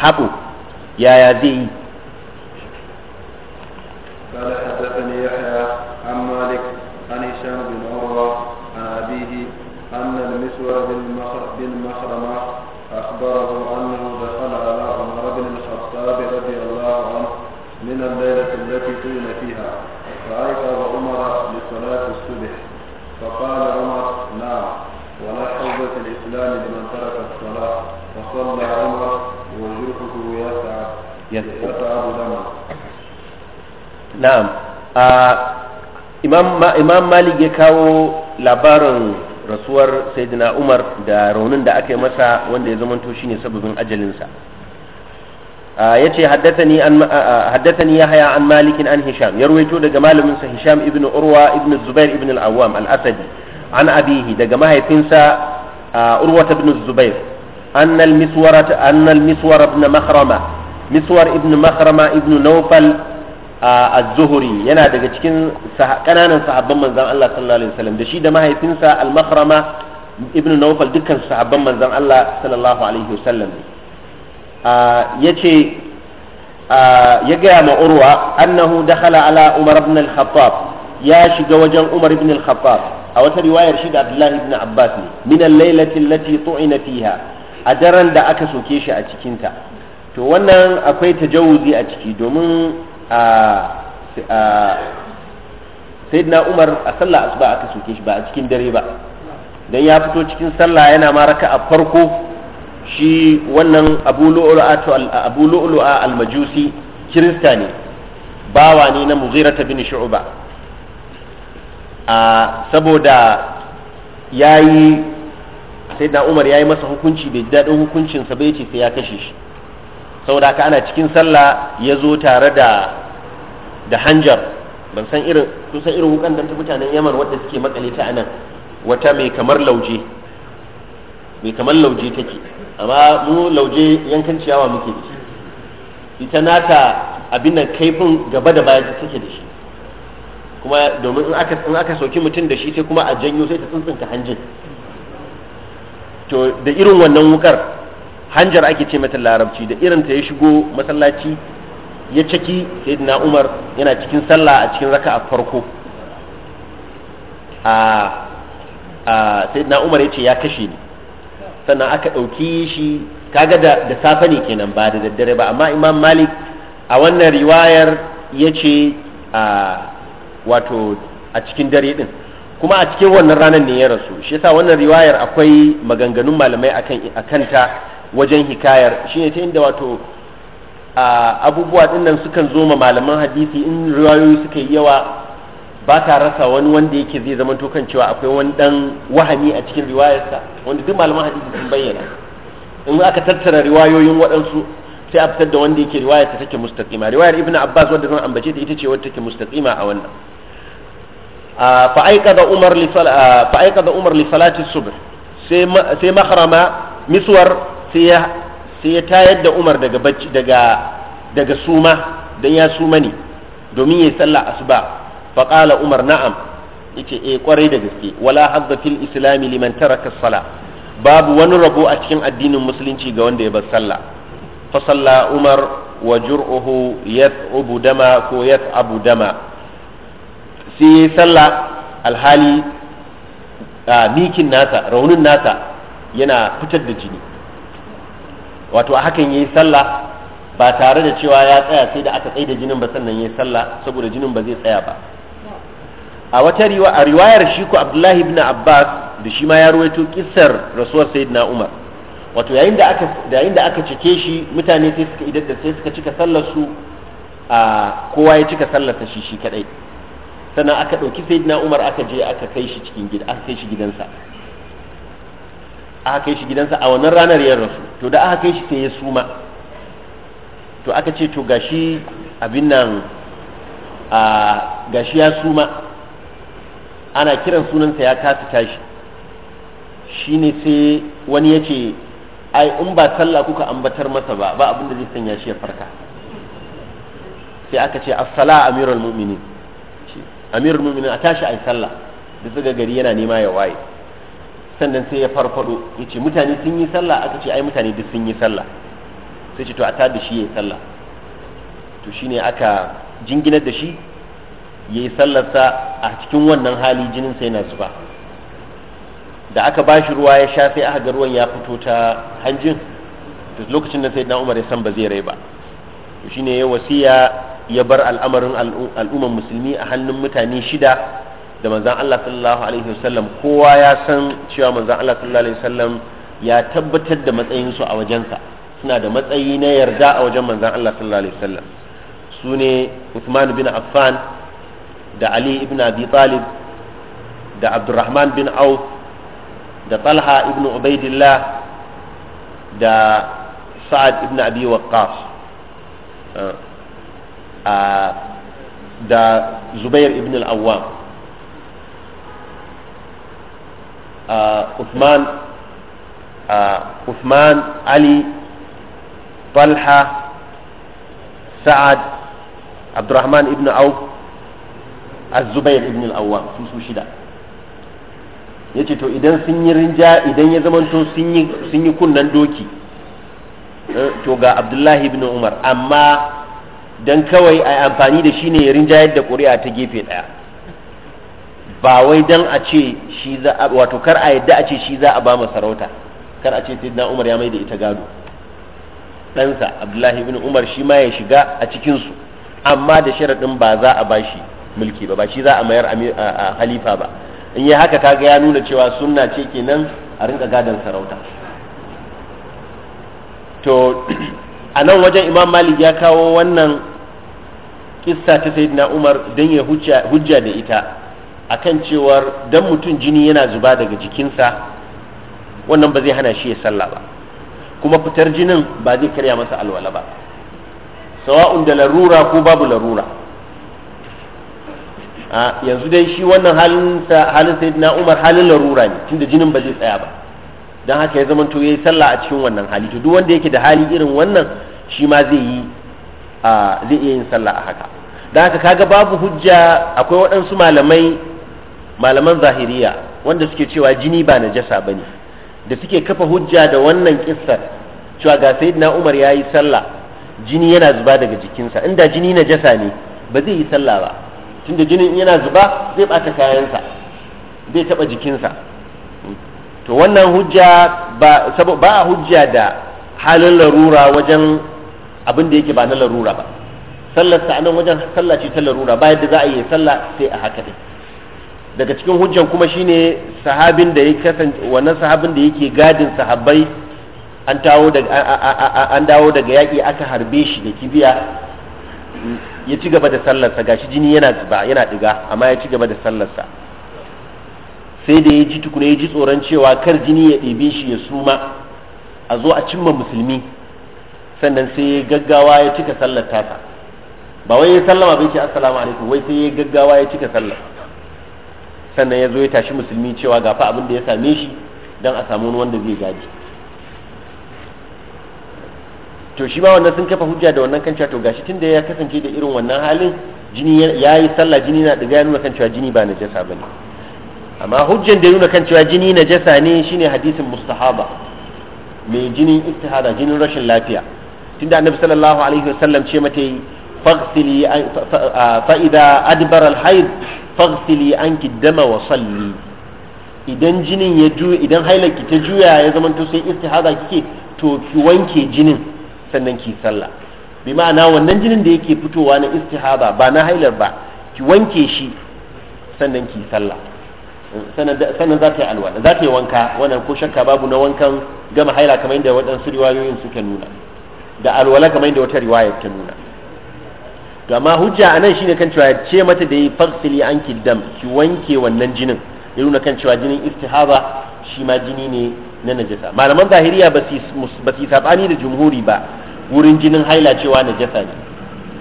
haɓo yaya zai yi na'am imam malik ya kawo labarin rasuwar sayyidina umar da raunin da aka yi masa wanda ya zamanto ne sababin ajalinsa yace haddathani ni ya haya an malikin an hisham ya ruwaito daga malaminsa hisham ibnu urwa ibnu zubair ibnu al an abihi daga mahaifinsa urwa ibn zubair أن المسورة أن المسور ابن مخرمة مسور ابن مخرمة a zuhri yana daga cikin kananan sahabban manzon Allah sallallahu alaihi wasallam da shi da mahaifinsa al-makhrama ibnu nawfal dukkan sahabban manzon Allah sallallahu alaihi wasallam yace ya gaya ma urwa annahu dakhala ala umar ibn al-khattab ya shiga wajen umar ibn al-khattab a wata riwayar shi da abdullahi ibn abbas ne min al-lailati allati tu'ina fiha a daren da aka soke shi a cikinta to wannan akwai tajawuzi a ciki domin sayyidina umar a sallah asuba aka soke shi ba a cikin dare ba don ya fito cikin sallah yana ma raka a farko shi wannan abu lu'ulu'a al-majusi kirista ne bawa ne na muzirata bin shu'ba a saboda ya yi umar yi masa hukunci bai daɗin hukuncinsa ba ce sai ya kashe shi saboda haka ana cikin sallah ya zo tare da da hanjar ban san irin kun san irin wukan dan ta mutanen Yaman wadda suke makale ta anan wata mai kamar lauje mai kamar lauje take amma mu lauje yankan ciyawa muke da shi ita nata abin nan kaifin gaba da baya take da shi kuma domin in aka in aka soki mutum da shi sai kuma a janyo sai ta tsuntsunta hanjin to da irin wannan wukar hanjar ake ce mata larabci da irin ta ya shigo masallaci ya caki sayyidina Umar yana cikin sallah a cikin raka'a farko a a sayyidina Umar yace ya kashe ni sannan aka ɗauki shi kaga da da safe ne kenan ba da daddare ba amma Imam Malik a wannan riwayar ce a wato a cikin dare din kuma a cikin wannan ranar ne ya rasu shi yasa wannan riwayar akwai maganganun malamai akan akanta wajen hikayar shi ne ta inda wato abubuwa nan sukan zo ma malaman hadisi in riwayoyi suka yi yawa ba ta rasa wani wanda yake zai zama tokan cewa akwai wani dan wahami a cikin riwayarsa wanda duk malaman hadisi sun bayyana in aka tattara riwayoyin waɗansu sai a fitar da wanda yake riwayar ta take mustaqima riwayar ibnu abbas wanda zan ambace ta ita ce wadda take mustaqima a wannan fa aikada umar li umar li salati subh sai sai mahrama miswar sai ya tayar da umar daga bacci daga suma don ya suma ne domin ya yi sallah asuba faƙala umar na'am yace eh kwarai da gaske wala hazza fil islami liman taraka sala babu wani rabo a cikin addinin musulunci ga wanda ya bar sallah fa salla umar wa jur'uhu yat'ubu dama ko yat'abu dama sai sallah alhali ah, mikin nasa raunin nasa yana fitar da jini wato a hakan yayi sallah ba tare da cewa ya tsaya sai da aka tsaye da jinin ba sannan yayi sallah saboda jinin ba zai tsaya ba a wata a riwayar shi ko Abdullahi ibn Abbas da shi ma ya ruwaito kissar rasuwar Sayyidina Umar wato yayin da aka yayin da aka cike shi mutane sai suka idan da sai suka cika sallar su a kowa ya cika sallar sa shi shi kadai sannan aka dauki Sayyidina Umar aka je aka kai shi cikin gida aka kai shi gidansa aka kai shi gidansa a wannan ranar ya rasu to da aka kai shi sai ya suma to aka ce to gashi abin nan a gashi ya suma ana kiran sunansa ya kasa tashi shi ne sai wani ya ce ai in ba sallah kuka ambatar masa ba ba abin da zai sanya shi ya farka sai aka ce assala amirul mu'minin amirul mu'minin a tashi ai sallah da suka gari yana nema ya waye sannan sai ya farfado ya ce mutane sun yi sallah aka ce ai mutane duk sun yi sallah sai ce to a tada shi ya yi sallah to shine aka jinginar da shi ya yi sallarsa a cikin wannan hali jinin sai na zuba da aka ba shi ruwa ya sha sai aka ga ruwan ya fito ta hanjin to lokacin da sai dan Umar ya san ba zai rai ba to shine ya wasiya ya bar al'amarin al'umman musulmi a hannun mutane shida da manzan Allah sallallahu alaihi wasallam kowa ya san cewa manzan Allah sallallahu alaihi wasallam ya tabbatar da matsayinsu a wajensa suna da matsayi na yarda a wajen manzan Allah sallallahu alaihi wasallam su ne Uthman bin Affan da Ali ibn Abi Talib da Abdurrahman bin Auf da Talha ibn Ubaidillah da Sa'ad ibn Abi Waqqas uh, uh, da Zubair ibn al-Awwam Usman Ali Falha Sa'ad Abdurrahman ibn Auf Az-Zubair ibn al-Awwam su su shida yace to idan sun yi rinja idan ya zamanto sun yi sun yi kunnan doki to ga Abdullahi ibn Umar amma dan kawai ai amfani da shi ne rinja yadda da ƙuri'a ta gefe ɗaya ba wai dan a ce shi za a wato kar a yadda a ce shi za a ba mu sarauta kar a ce dan Umar ya mai da ita gado ɗansa Abdullahi ibn Umar shi ma ya shiga a cikin su amma da sharaɗin ba za a bashi mulki ba ba shi za a mayar a halifa ba in yi haka kaga ya nuna cewa sunna ce kenan a rinka gadon sarauta to a nan wajen imam malik ya kawo wannan kissa ta sayyidina umar dan ya hujja da ita a kan cewar dan mutum jini yana zuba daga jikinsa wannan ba zai hana shi ya sallah ba kuma fitar jinin ba zai karya masa alwala ba sawa'un da larura ko babu larura a yanzu dai shi wannan halin halin na Umar halin larura ne tunda jinin ba zai tsaya ba dan haka ya zama to yayi sallah a cikin wannan hali to duk wanda yake da hali irin wannan shi ma zai yi zai iya yin sallah a haka dan haka kaga babu hujja akwai waɗansu malamai malaman zahiriya wanda suke cewa jini ba na jasa ba ne da suke kafa hujja da wannan kissar cewa ga sayyidina Umar ya yi sallah jini yana zuba daga jikinsa inda jini na jasa ne ba zai yi sallah ba tunda jinin yana zuba zai bata kayansa zai taba jikinsa to wannan hujja ba ba hujja da halin larura wajen abin da yake ba na larura ba sallar sa nan wajen sallah ce ta larura ba yadda za a yi sallah sai a haka dai daga cikin hujjan kuma shine sahabin da ya kasance wannan sahabin da yake gadin sahabbai an tawo daga an dawo daga yaki aka harbe shi da kibiya ya ci gaba da sallarsa gashi jini yana zuba yana diga amma ya ci gaba da sallarsa sai da ya ji tukuna ya ji tsoron cewa kar jini ya ɗebe shi ya suma a zo a cimma musulmi sannan sai ya gaggawa ya cika sallar tasa ba wai ya sallama bai ce assalamu alaikum wai sai ya gaggawa ya cika sallar sannan ya zo ya tashi musulmi cewa ga fa abin da ya same shi don a samu wanda zai gadi to shi ma wannan sun kafa hujja da wannan kan cewa to gashi tunda ya kasance da irin wannan halin jini ya yi sallah jini na daga ya nuna kan cewa jini ba na jasa ba ne amma hujjan da ya nuna kan cewa jini na jasa ne shine hadisin mustahaba mai jinin istihada jinin rashin lafiya tunda annabi sallallahu alaihi wasallam ce mata faghsili yi idza adbara al-hayd an ki dama wa salli idan jinin ya juya idan hailaki ta juya ya to sai istihada kike to ki wanke jinin sannan ki sallah bi ma'ana wannan jinin da yake fitowa na istihada ba na hailar ba ki wanke shi sannan ki sallah sannan za ta yi alwala za ta yi wanka wannan ko shakka babu na wankan gama haila kamar yadda waɗansu riwayoyin suka nuna da alwala kamar yadda wata riwaya ta nuna to amma hujja anan shine kan cewa ya ce mata da yi fasili an kiddam ki wanke wannan jinin ya nuna kan cewa jinin istihaba shi ma jini ne na najasa malaman zahiriya ba su sabani da jumhuri ba wurin jinin haila cewa najasa ne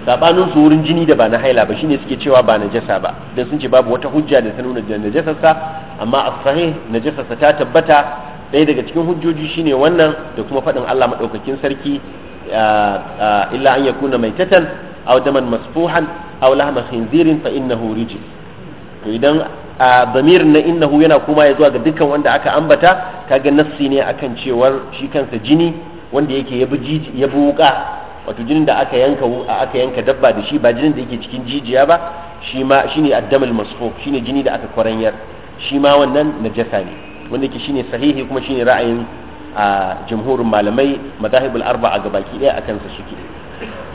sabanin su wurin jini da ba na haila ba shine suke cewa ba najasa ba dan sun ce babu wata hujja da ta nuna da najasarsa amma a sahih najasarsa ta tabbata ɗaya daga cikin hujjoji shine wannan da kuma faɗin Allah madaukakin sarki illa an yakuna maitatan aw daman masfuhan aw lahma khinzirin fa innahu to idan a damir na innahu yana kuma ya zuwa ga dukkan wanda aka ambata kaga nafsi ne akan cewar shi kansa jini wanda yake yabi jiji wuka wato jinin da aka yanka aka yanka dabba da shi ba jinin da yake cikin jijiya ba shi ma shine addamul masfu shine jini da aka kwaranyar shi ma wannan najasa ne wanda yake shine sahihi kuma shine ra'ayin a jumhurin malamai madahibul arba'a gabaki daya akan sa suke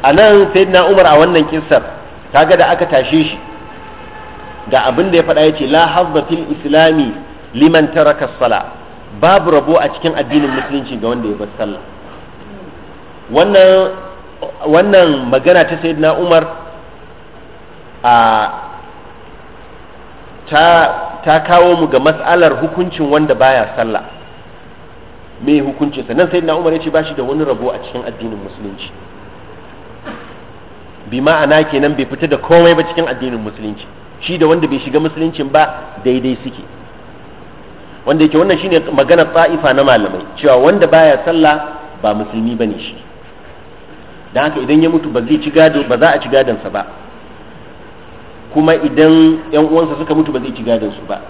a nan sayyidina umar a wannan kissar ga da aka tashe shi ga abin da ya faɗa ya ce la hazza islami liman taraka sala babu rabo a cikin addinin musulunci ga wanda ya bar sallah wannan wannan magana ta sayyidina umar a ta ta kawo mu ga matsalar hukuncin wanda baya sallah me hukuncinsa nan sayyidina umar ya ce ba shi da wani rabo a cikin addinin musulunci bi ma'ana kenan bai fita da komai ba cikin addinin musulunci shi da wanda bai shiga musuluncin ba daidai suke wanda yake wannan shine magana tsa'ifa na malamai cewa wanda baya sallah ba musulmi bane shi dan haka idan ya mutu ba zai ci gado ba za a ci gadon sa ba kuma idan yan uwansa suka mutu ba zai ci gadon su ba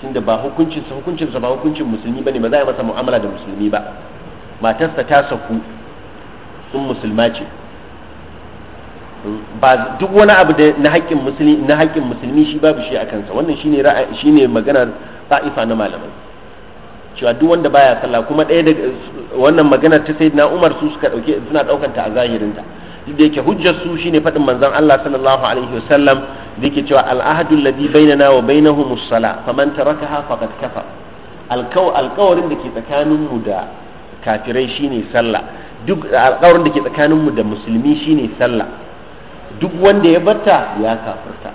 tunda ba hukuncin sa hukuncin sa ba hukuncin musulmi bane ba za a masa mu'amala da musulmi ba matarsa ta saku sun musulma ce ba duk wani abu da na haƙƙin musulmi na haƙƙin musulmi shi babu shi a kansa wannan shine ra'ayi shine maganar ta'ifa na malamai cewa duk wanda baya sallah kuma ɗaya daga wannan maganar ta sayyidina Umar su suka dauke suna daukar ta a zahirin ta duk da yake hujjar su shine faɗin manzon Allah sallallahu alaihi wasallam da yake cewa al-ahadu alladhi bainana wa bainahumus sala faman tarakaha faqad kafar alkawarin da ke tsakaninmu da kafirai shine sallah duk alkawarin da ke tsakaninmu da musulmi shine sallah duk wanda ya batta ya kafirta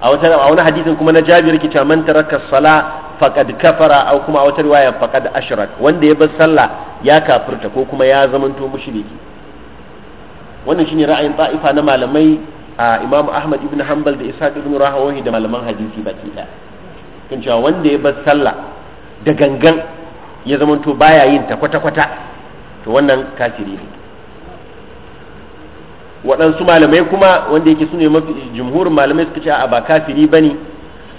a wata a wani hadisin kuma na Jabir ki ta man taraka sala faqad kafara au kuma a wata riwaya faqad ashrak wanda ya bar sallah ya kafirta ko kuma ya zamanto mushriki wannan shine ra'ayin ta'ifa na malamai a Imam Ahmad ibn Hanbal da Ishaq ibn Rahawahi da malaman hadisi baki da kan cewa wanda ya bar sallah da gangan ya zamanto baya yin ta kwata-kwata to wannan kafiri ne waɗansu malamai kuma wanda yake sune mafi jumhurin malamai suka ce a ba kafiri ba ne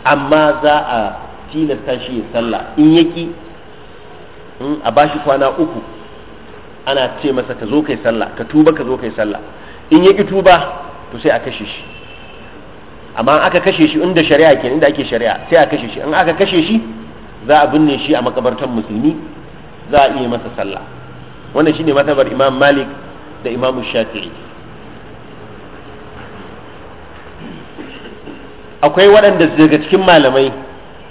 amma za a tilasta shi ya sallah in yaki a ba shi kwana uku ana ce masa ka zo kai sallah ka tuba ka zo kai sallah in yaki tuba to sai a kashe shi amma aka kashe shi inda shari'a ke inda ake shari'a sai a kashe shi in aka kashe shi za a binne shi a makabartan musulmi za a iya masa sallah wannan shine matabar imam malik da imam shafi'i akwai waɗanda daga cikin malamai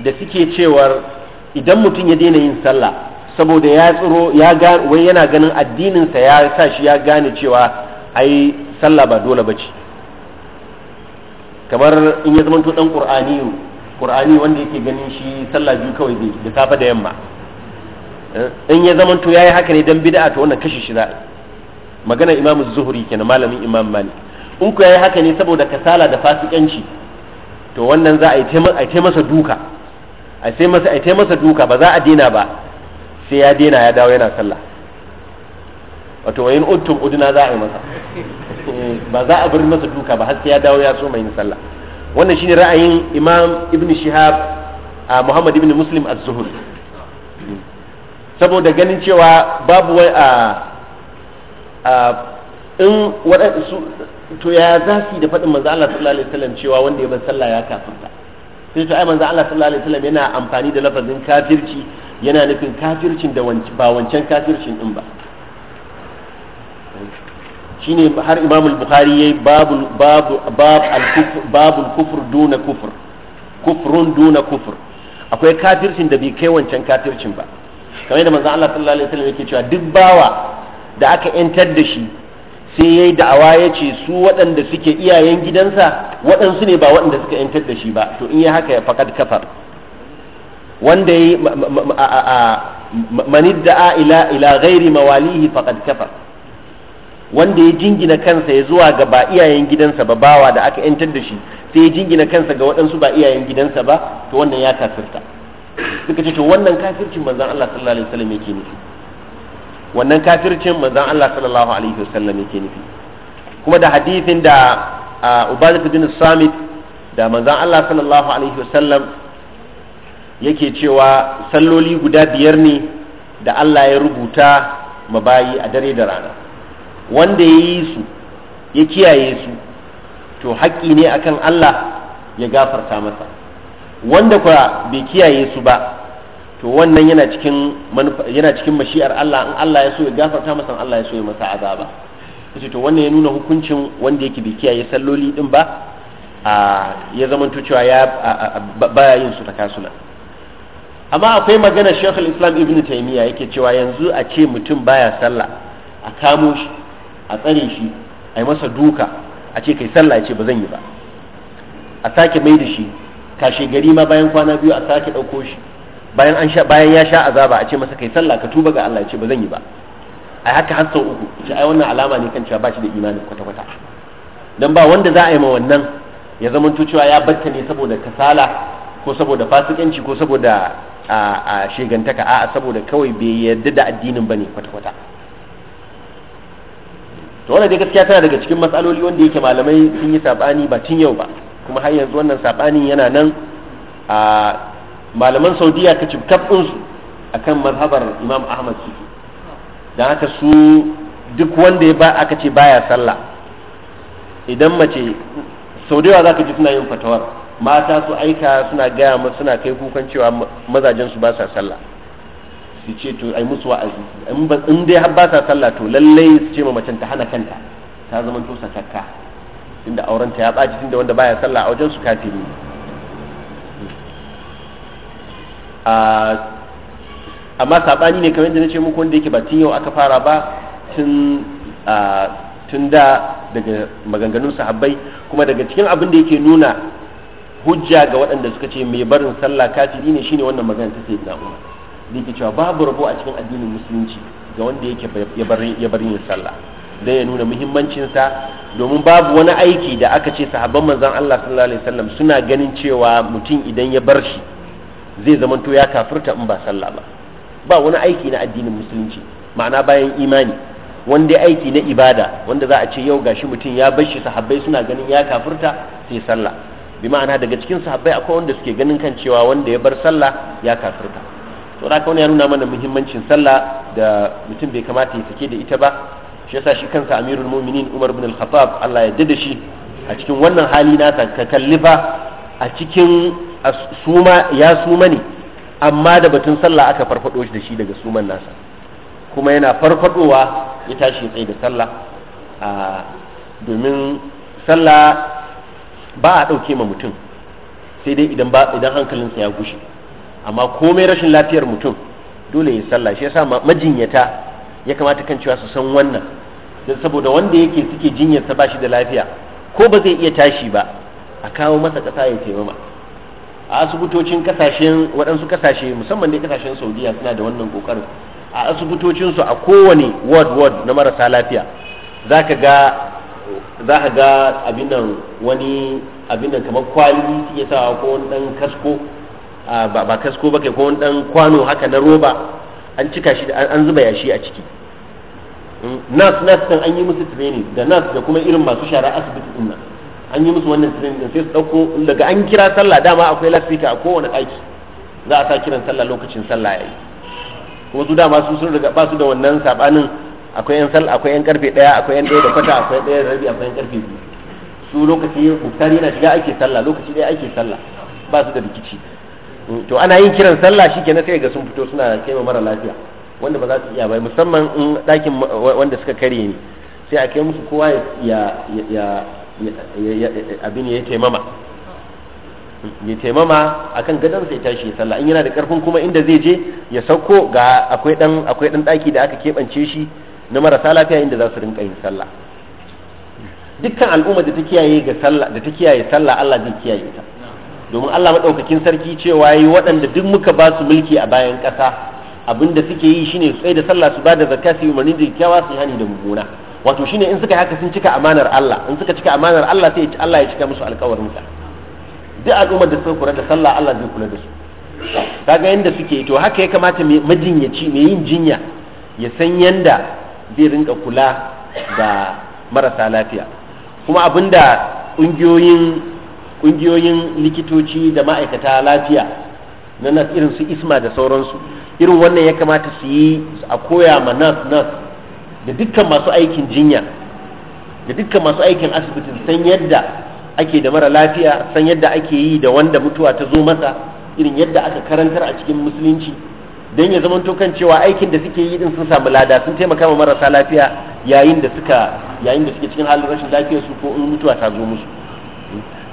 da suke cewar idan mutum ya daina yin sallah saboda ya tsiro ya wai yana ganin addininsa ya sa shi ya gane cewa ai sallah ba dole ba ce kamar in ya zamanto dan qur'ani qur'ani wanda yake ganin shi sallah biyu kawai zai da safe da yamma eh, in ya zamanto yayi haka ne dan bid'a to wannan kashi shi za magana imamu zuhuri kenan malamin imam malik in ku yayi haka ne saboda kasala da fasikanci to wannan za a yi masa duka a sai masa masa duka ba za a dina ba sai ya dina ya dawo yana sallah wato wayin uttum uduna za a yi masa eh, ba za a bari masa duka ba har sai ya dawo ya so mai sallah wannan shine ra'ayin imam ibn shihab a muhammad ibn muslim az-zuhri saboda ganin cewa babu wai a in waɗansu to ya za su da faɗin manzo Allah sallallahu alaihi wasallam cewa wanda ya bar sallah ya kafirta sai to ai manzo Allah sallallahu alaihi wasallam yana amfani da lafazin kafirci yana nufin kafircin da ba wancan kafircin din ba shine har Imam al-Bukhari yayi babul babu bab al-kufr al kufr duna kufr kufrun duna kufr akwai kafircin da bai kai wancan kafircin ba kamar da manzo Allah sallallahu alaihi wasallam yake cewa duk bawa da aka yantar da shi sai yayi da'awa ya ce su waɗanda suke iyayen gidansa waɗansu ne ba waɗanda suka yantar da shi ba to in ya haka ya faƙad kafar wanda ya yi da'a ila ila ghairi mawalihi faqad kafar wanda ya jingina kansa ya zuwa ga ba iyayen gidansa ba bawa da aka yantar da shi sai ya jingina kansa ga waɗansu ba iyayen gidansa ba to wannan ya kafirta suka ce to wannan kafircin manzon Allah sallallahu alaihi wasallam yake nufi wannan kafircin manzon Allah sallallahu alaihi wasallam yake nufi kuma da hadithin da Ubadah bin Samit da manzon Allah sallallahu alaihi wasallam yake cewa salloli guda biyar ne da Allah ya rubuta mabayi a dare da rana wanda ya su ya kiyaye su to haƙƙi ne akan Allah ya gafarta masa wanda kuwa bai kiyaye su ba to wannan yana cikin yana cikin mashi'ar Allah in Allah ya so ya gafarta masa Allah ya so ya masa azaba kace to wannan ya nuna hukuncin wanda yake bai kiyaye salloli din ba a ya zamanto cewa ya baya yin su takasuna amma akwai magana Sheikhul islam Ibn Taymiyyah yake cewa yanzu a ce mutum baya sallah a kamo shi a tsare shi a yi masa duka a ce kai sallah ya ce ba zan yi ba a sake mai da shi kashe gari ma bayan kwana biyu a sake ɗauko shi bayan an sha bayan ya sha azaba a ce masa kai sallah ka tuba ga Allah ya ce ba zan yi ba ai haka har sau uku ce ai wannan alama ne kan cewa ba shi da imanin kwata kwata dan ba wanda za a yi ma wannan ya zama cewa ya batta ne saboda kasala ko saboda fasikanci ko saboda a shegantaka a'a saboda kawai bai yarda da addinin bane kwata kwata to wannan dai gaskiya tana daga cikin matsaloli wanda yake malamai sun yi sabani ba tun yau ba kuma har yanzu wannan sabanin yana nan a malaman saudiya ka cibkaf ɗinsu a kan mazhabar imam ahmad suke don haka su duk wanda ya ba aka ce baya sallah idan mace saudiya za ka ji suna yin fatawar mata su aika suna gaya masu suna kai kukan cewa mazajen su ba sa sallah su ce to ai musu wa'azi in dai har ba sa sallah to lallai su ce ma macen ta hana kanta ta zama to sakakka inda auren ta ya tsaci tunda wanda baya sallah a wajen su kafiri ne amma saɓani ne kamar yadda na ce muku wanda yake ba tun yau aka fara ba tun da daga maganganun sahabbai kuma daga cikin abin da yake nuna hujja ga waɗanda suka ce mai barin sallah kafiri ne shine wannan magana ta sayyidina Umar da yake cewa babu rabo a cikin addinin musulunci ga wanda yake ya bar yin sallah dan ya nuna muhimmancinsa domin babu wani aiki da aka ce sahabban manzon Allah sallallahu alaihi wasallam suna ganin cewa mutum idan ya bar shi zai zamanto ya kafirta in ba sallah ba ba wani aiki na addinin musulunci ma'ana bayan imani wanda aiki na ibada wanda za a ce yau gashi mutum ya bar shi sahabbai suna ganin ya kafirta sai sallah bi ma'ana daga cikin sahabbai akwai wanda suke ganin kan cewa wanda ya bar sallah ya kafirta to da wani ya nuna mana muhimmancin sallah da mutum bai kamata ya sake da ita ba shi yasa shi kansa amirul mu'minin umar bin al-khattab Allah ya dade shi a cikin wannan hali na ka kallifa a cikin suma ya suma ne amma da batun sallah aka farfado shi da shi daga suman nasa kuma yana farfadowa ya tashi tsaye da sallah domin sallah ba a ɗauke ma mutum sai dai idan ba idan hankalinsa ya gushe amma komai rashin lafiyar mutum dole ya sallah shi yasa majinyata ya kamata kan cewa su san wannan saboda wanda yake suke jinyarsa ba shi da lafiya ko ba zai iya tashi ba a kawo masa ƙasa ya taimama a asibitocin kasashen waɗansu kasashe musamman dai kasashen saudiya suna da wannan kokarin a asibitocinsu a kowane ward ward na marasa lafiya za ka ga abinan ga abin nan wani abin kamar kwali suke sawa ko wani dan kasko ba kasko ba kai ko wani dan kwano haka na roba an cika shi an zuba yashi a ciki mm, nas nas kan an yi musu training da nas da kuma irin masu shara asibiti din nan an yi musu wannan training sai su dauko daga an kira sallah dama akwai lafika a kowane ɗaki za a sa kiran sallah lokacin sallah yayi wasu dama su sun riga ba su da wannan sabanin akwai yan sallah akwai yan karfe ɗaya akwai yan ɗaya da kwata akwai ɗaya da rabi akwai yan karfe biyu su lokaci buktari yana shiga ake sallah lokaci ɗaya ake sallah ba su da rikici mm, to ana yin kiran sallah shikenan sai ga sun fito suna kai mara lafiya wanda ba za su iya ba musamman in dakin wanda suka kare ne sai a kai musu kowa ya abin ya taimama ya taimama akan gadon sai tashi ya sallah in yana da karfin kuma inda zai je ya sauko ga akwai dan daki da aka kebance shi na marasa lafiya inda za su rinka yin sallah dukkan al'umma da ta kiyaye ga sallah da ta kiyaye sallah Allah zai kiyaye ta domin Allah madaukakin sarki cewa yi waɗanda duk muka ba su mulki a bayan ƙasa abinda suke yi shine su tsaye da sallah su ba da zakka su yi da kyawa su hani da mummuna wato shine in suka haka sun cika amanar Allah in suka cika amanar Allah sai Allah ya cika musu alƙawarin sa duk al'ummar da suka kula da sallah Allah zai kula da su kaga yanda suke to haka ya kamata majinyaci mai yin jinya ya san yanda zai rinka kula da marasa lafiya kuma abinda ƙungiyoyin ƙungiyoyin likitoci da ma'aikata lafiya na irin su isma da sauransu irin wannan ya kamata su yi a koya ma nas nas da dukkan masu aikin jinya da dukkan masu aikin asibitin san yadda ake da mara lafiya san yadda ake yi da wanda mutuwa ta zo masa irin yadda aka karantar a cikin musulunci don ya zamanto kan cewa aikin da suke yi din sun samu lada sun taimaka ma marasa lafiya yayin da suka yayin da suke cikin halin rashin lafiya su ko mutuwa ta zo musu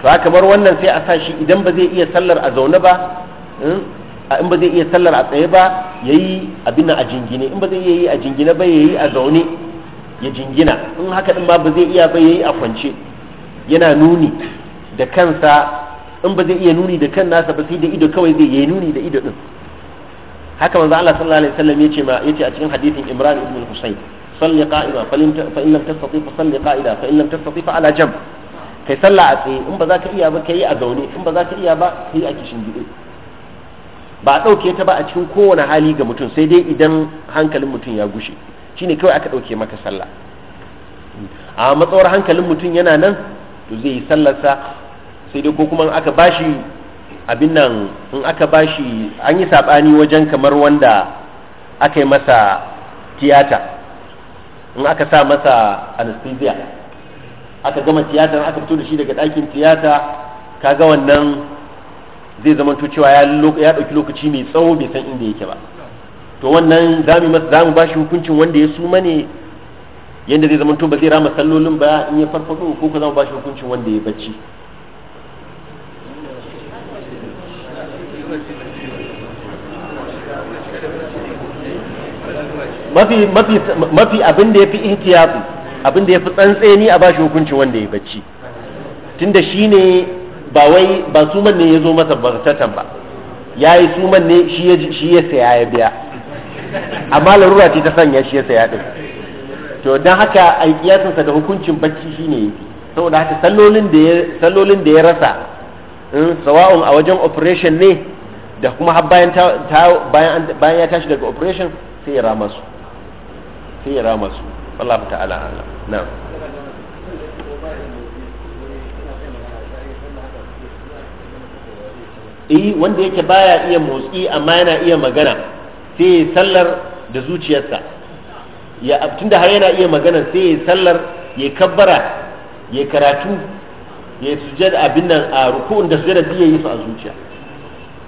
to haka bar wannan sai a sa shi idan ba zai iya sallar a zaune ba hmm? A in ba zai iya sallar a tsaye ba ya yi abin a jingine in ba zai iya yi a jingine ba ya yi a zaune ya jingina in haka din ba ba zai iya ba ya yi a kwance yana nuni da kansa in ba zai iya nuni da kan nasa ba sai da ido kawai zai yi nuni da ido din haka manzo Allah sallallahu alaihi wasallam ce ma yace a cikin hadisin Imran ibn husayn salli qa'ima fa in lam tastati fa salli qa'ida fa in lam tastati fa ala jamb kai sallah a tsaye in ba za ka iya ba kai a zaune in ba za ka iya ba kai a kishin gidi ba a ɗauke ta ba a cikin kowane hali ga mutum sai dai idan hankalin mutum ya gushe shine kawai aka ɗauke maka sallah a matsawar hankalin mutum yana nan to zai yi sallarsa sai dai ko kuma aka bashi abin nan in aka bashi an yi saɓani wajen kamar wanda aka yi masa tiyata in aka sa masa anesthesia aka gama tiyata n aka fito da shi daga ɗakin tiyata ka ga wannan zai zamanto cewa ya ya ɗauki lokaci mai tsawo bai san inda yake ba to wannan za mu ba shi hukuncin wanda ya suma ne yadda zai zamanto ba zai rama sallolin ba in ya farfaɗo ko ko za mu ba shi hukuncin wanda ya bacci mafi mafi mafi abin da yafi ihtiyatu abin da yafi tsantseni a bashi hukuncin wanda ya bacci tunda shine ba wai ba suman ne ya zo masa bartatan ba ya yi suman ne shi ya saya ya biya amma larura ce ta sanya shi ya saya din to don haka a sa da hukuncin bacci shine yafi saboda haka sallolin da ya sallolin da ya rasa hmm, sawa'un a wajen operation ne da kuma har bayan bayan ya tashi daga operation sai ya rama su sai ya rama su Allah ta'ala na'am eh wanda yake baya iya motsi amma yana iya magana sai ya sallar da zuciyarsa ya tunda har yana iya magana sai ya sallar ya kabbara ya karatu ya sujjada abin nan a ruku'un da sujjada da yi su a zuciya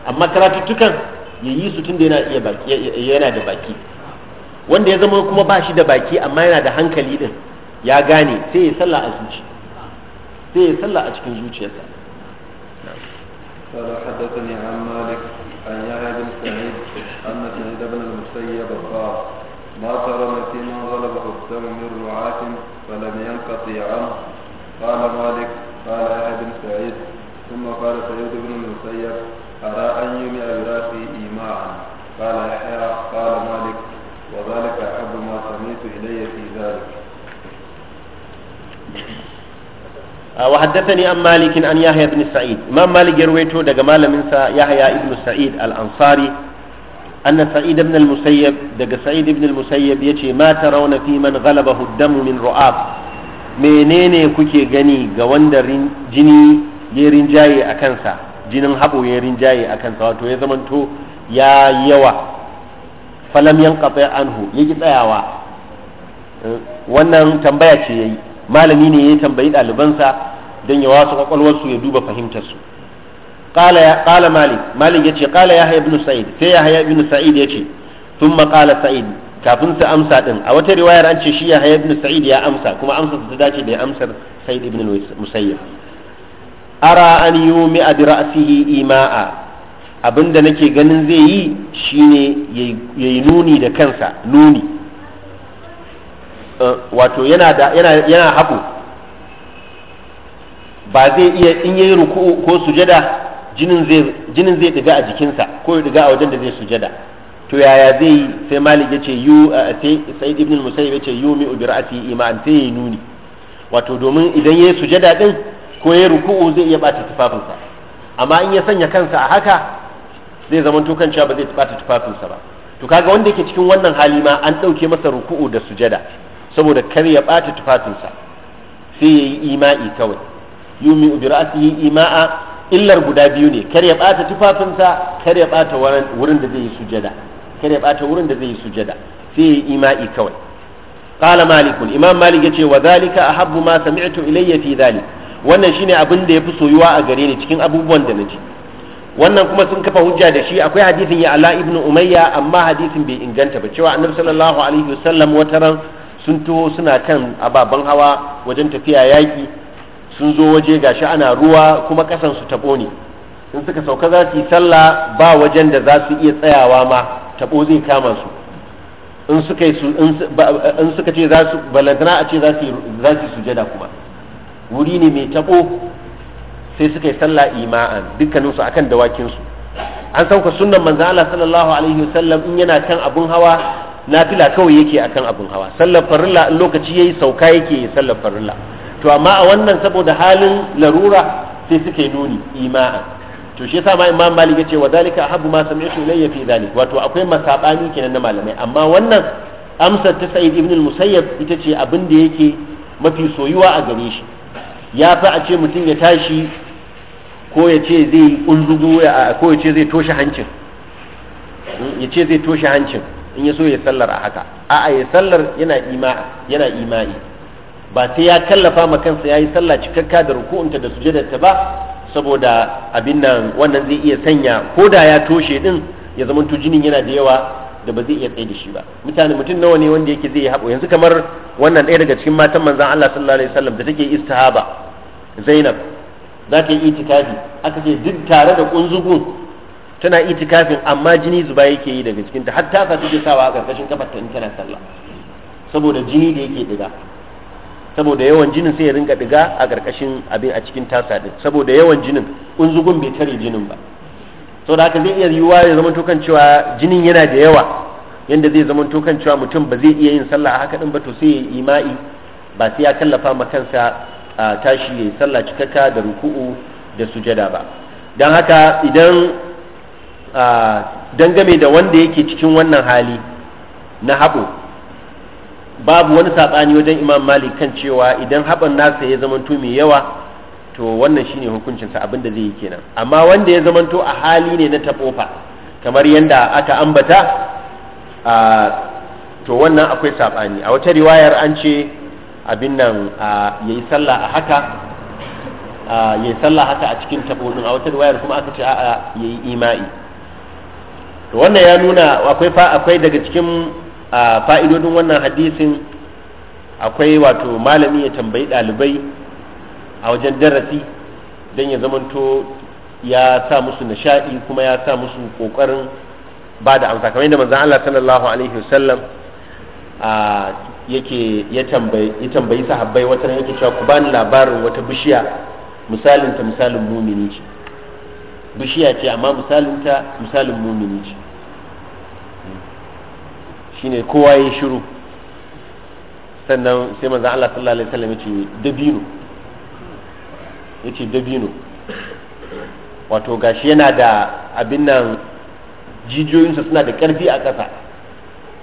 amma karatuttukan ya yi su tunda yana iya baki yana da baki wanda ya zama kuma ba shi da baki amma yana da hankali din ya gane sai ya sallah a zuci sai ya sallah a cikin zuciyarsa قال حدثني عن مالك عن يحيى بن سعيد أن سعيد بن المسيب قال ما ترى مسيما غلبه الدم من رعاة فلم ينقطع عنه قال مالك قال يحيى بن سعيد ثم قال سعيد بن المسيب أرى أن يملأ برأسي إيماء قال يحيى قال مالك وذلك وحدثني an مالك an يحيى بن sa'id امام مالك يرويته daga malamin sa Yahya ibn Sa'id al-Ansari anna Sa'id ibn al daga Sa'id ibn al-Musayyib yace ma tarawna fi man ghalabahu ad-dam min ru'ab menene kuke gani ga wanda jini ya rinjaye a kansa jinin habo ya rinjaye a kansa wato ya zamanto ya yawa falam yanqati anhu yaki tsayawa wannan tambaya ce yayi malami ne ya tambayi ɗalibansa don ya wasu kwakwalwarsu ya duba fahimtarsu qala malik malik ya ce qala yahya ibn sa'id sai yahya ibn sa'id ya ce thumma qala sa'id kafin su amsa din a wata riwayar an ce shi yahya ibn sa'id ya amsa kuma amsa ta dace da amsar sa'id ibn musayyib ara an yumi bi ra'sihi ima'a abinda nake ganin zai yi shine yayi nuni da kansa nuni Eh, wato yana da yana yana haku ba zai iya in yayi ruku'u ko sujada jinin zai jinin zai diga a jikinsa ko ya diga a wajen da zai sujada to yaya zai yi sai malik ya ce yu eh, sai ibn musayyib ya ce mi bi ra'si iman sai yi nuni wato domin idan yayi sujada din ko yayi ruku'u zai iya bata tufafinsa amma in ya sanya kansa a haka zai zama to kan cewa ba zai bata tufafinsa ba to kaga wanda yake cikin wannan hali ma an dauke masa ruku'u da sujada saboda kar ya ɓata tufafinsa sai ya yi ima'i kawai yumi bi ra'sihi ima'a illar guda biyu ne kar ya ɓata tufafinsa kar ya ɓata wurin da zai yi sujada kar ya ɓata wurin da zai yi sujada sai ya yi ima'i kawai qala malikun imam malik yace wa zalika ahabbu ma sami'tu ilayya fi zalik wannan shine abin da yafi soyuwa a gare ni cikin abubuwan da naji wannan kuma sun kafa hujja da shi akwai hadisin ya ala ibnu umayya amma hadisin bai inganta ba cewa annabi sallallahu alaihi wasallam wataran sun taho suna kan ababen hawa wajen tafiya yaƙi sun zo waje gashi ana ruwa kuma ƙasan su taɓo ne in suka sauka za su yi sallah ba wajen da za su iya tsayawa ma taɓo zai kama su in suka ce za su balantana a ce za su yi su sujada kuma wuri ne mai taɓo sai suka yi sallah ima'an dukkanin su akan dawakin su an sauka sunan manzo Allah sallallahu alaihi wasallam in yana kan abun hawa nafila kawai yake akan abin hawa sallar farilla in lokaci yayi sauka yake yi sallar farilla to amma a wannan saboda halin larura sai suke nuni ima'a to shi yasa ma imam malik yace wa zalika habu ma sami'tu layya fi zalik wato akwai masabani kenan na malamai amma wannan amsar ta sa'id ibn al-musayyab ita ce abin da yake mafi soyuwa a gare shi ya fi a ce mutum ya tashi ko ya ce zai ko ya ce zai toshe hancin hmm, ya ce zai toshe hancin in ya so ya sallar a haka a'a ya sallar yana ima yana imani ba sai ya kallafa ma kansa yayi sallah cikakka da ruku'unta da ta ba saboda abin nan wannan zai iya sanya ko da ya toshe din ya zama jinin yana da yawa da ba zai iya tsaye da shi ba mutane mutum nawa ne wanda yake zai yi haɓo yanzu kamar wannan ɗaya daga cikin matan manzan Allah sallallahu alaihi wasallam da take istihaba Zainab za ta yi itikafi aka ce duk tare da kunzugun tana itikafin amma jini zuba yake yi daga cikinta har ta fasu ke sawa a karkashin kafar ta in tana sallah saboda jini da yake diga saboda yawan jinin sai ya rinka diga a karkashin abin a cikin tasa din saboda yawan jinin unzugun bai tare jinin ba saboda haka zai iya yiwuwa ya zama tokan cewa jinin yana da yawa yanda zai zama tokan cewa mutum ba zai iya yin sallah haka din ba to sai ya ima'i ba sai ya kallafa ma kansa tashi ya yi sallah cikakka da ruku'u da sujada ba don haka idan dangame da wanda yake cikin wannan hali na haɓo babu wani saɓani wajen imam malik kan cewa idan haɓon nasa ya zamanto mai yawa to wannan shine hukuncinsa abin da zai yi kenan amma wanda ya zamanto a hali ne na taɓofa kamar yadda aka ambata to wannan akwai saɓani a wata riwayar an ce abin nan ya yi sallah a haka ya yi sallah haka a cikin taɓoɗin a wata riwayar kuma aka ce a'a ya yi ima'i to wannan ya nuna akwai akwai daga cikin fa'idodin wannan hadisin akwai wato malami ya tambayi ɗalibai a wajen darasi don ya zamanto ya sa musu nishaɗi kuma ya sa musu ƙoƙarin ba da amsa kamar yadda manzon Allah sallallahu alaihi wasallam yake ya tambayi ya tambayi sahabbai wata yake cewa ku bani labarin wata bishiya misalin ta misalin mumini ce bishiya ce amma misalinta misalin mumini ce shine kowa ya shiru sannan sai manzan Allah sallallahu alaihi wasallam yace dabino yace dabino wato gashi yana da abin nan jijiyoyinsa suna da ƙarfi a ƙasa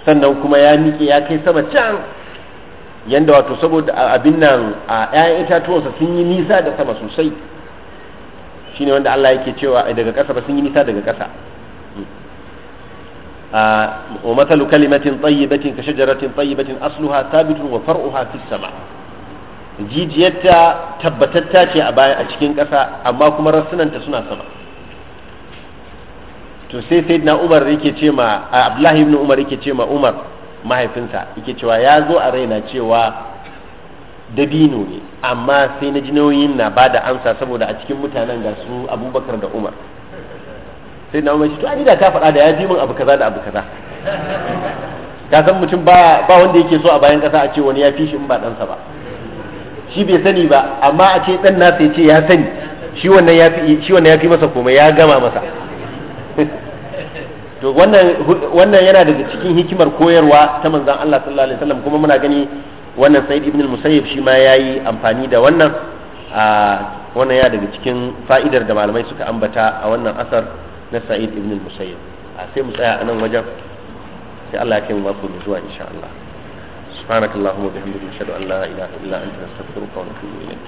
sannan kuma ya miƙe ya kai sama can yanda wato saboda abin nan a 'ya'yan itatuwansa sun yi nisa da sama sosai shine wanda Allah yake cewa daga ƙasa ba sun yi nisa daga ƙasa wa matalu kalimatin tayyibatin ka shajaratin tayyibatin asluha thabitun wa far'uha fi sama jijiyarta tabbatatta ce a baya a cikin ƙasa amma kuma rassunanta suna sama to sai sayyidina Umar yake ce ma Abdullahi ibn Umar yake ce ma Umar mahaifinsa yake cewa ya zo a raina cewa dabino ne amma sai na jinoyin na ba da amsa saboda a cikin mutanen ga su abubakar da umar sai na umar shi to da ta faɗa da ya ji min abu kaza da abu kaza ka san mutum ba ba wanda yake so a bayan ƙasa a ce wani ya fi shi in ba ɗansa ba shi bai sani ba amma a ce ɗan nasa ya ce ya sani shi wannan ya fi shi wannan ya fi masa komai ya gama masa to wannan wannan yana daga cikin hikimar koyarwa ta manzon Allah sallallahu alaihi wasallam kuma muna gani wannan sa'id ibn al-musayyib shi ma yayi amfani da wannan a wannan ya daga cikin fa'idar da malamai suka ambata a wannan asar na sa'id ibn al-musayyib a sai mu tsaya a nan wajen sai Allah ya kai mu mako mai zuwa insha Allah subhanakallahumma wa bihamdika ashhadu an la ilaha illa anta astaghfiruka wa atubu ilayk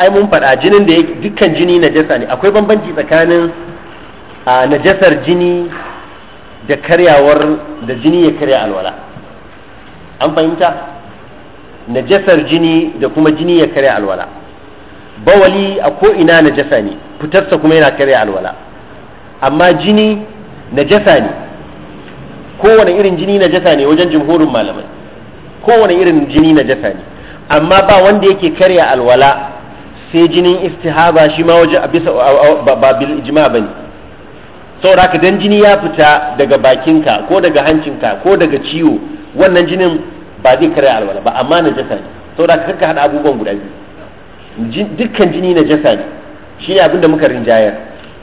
ai mun faɗa jinin da yake dukkan jini najasa ne akwai bambanci tsakanin a najasar jini da karyawar da jini ya karya alwala an fahimta najasar jini da kuma jini ya karya alwala bawali a ko ina najasa ne fitarsa kuma yana karya alwala amma jini najasa ne kowane irin jini najasa ne wajen jimhurin malamai kowane irin jini najasa ne amma ba wanda yake karya alwala sai jinin istihaba shi ma waje bisa ba bil ijma bane saboda haka dan jini ya fita daga bakinka ko daga hancinka ko daga ciwo wannan jinin ba zai karya alwala ba amma jasa ne saboda haka kakka hada abubuwan guda biyu dukkan jini jasa ne shi ne abinda muka rinjayar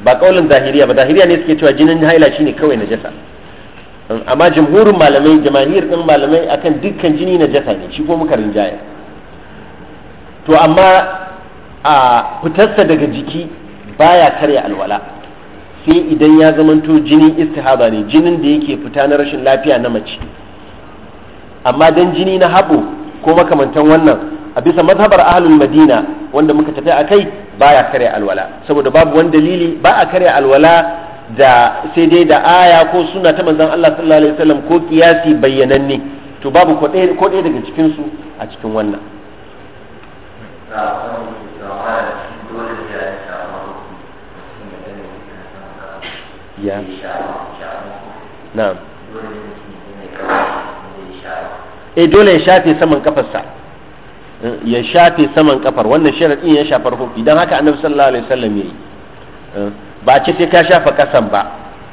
ba kaulin zahiriya ba zahiriya ne suke cewa jinin haila shine kawai na jasa amma jamhurin malamai jamahir din malamai akan dukkan jini na jasa ne shi ko muka rinjayar to amma a fitarsa daga jiki baya karya alwala sai idan ya zamanto jinin istihaba ne jinin da yake fita na rashin lafiya na mace amma dan jini na haɓo ko makamantan wannan a bisa mazhabar ahlul madina wanda muka tafi a kai baya karya alwala saboda babu wani dalili ba a karya alwala da sai dai da aya ko suna ta manzon Allah sallallahu alaihi wasallam ko kiyasi bayyananne to babu ko ɗaya daga cikin su a cikin wannan ya na'am e dole ya shafe saman kafarsa eh, ya shafe saman kafar wannan sharadin ya shafar hufi don haka annabi sallallahu alaihi wasallam yayi eh, ba ce sai ka shafa kasan ba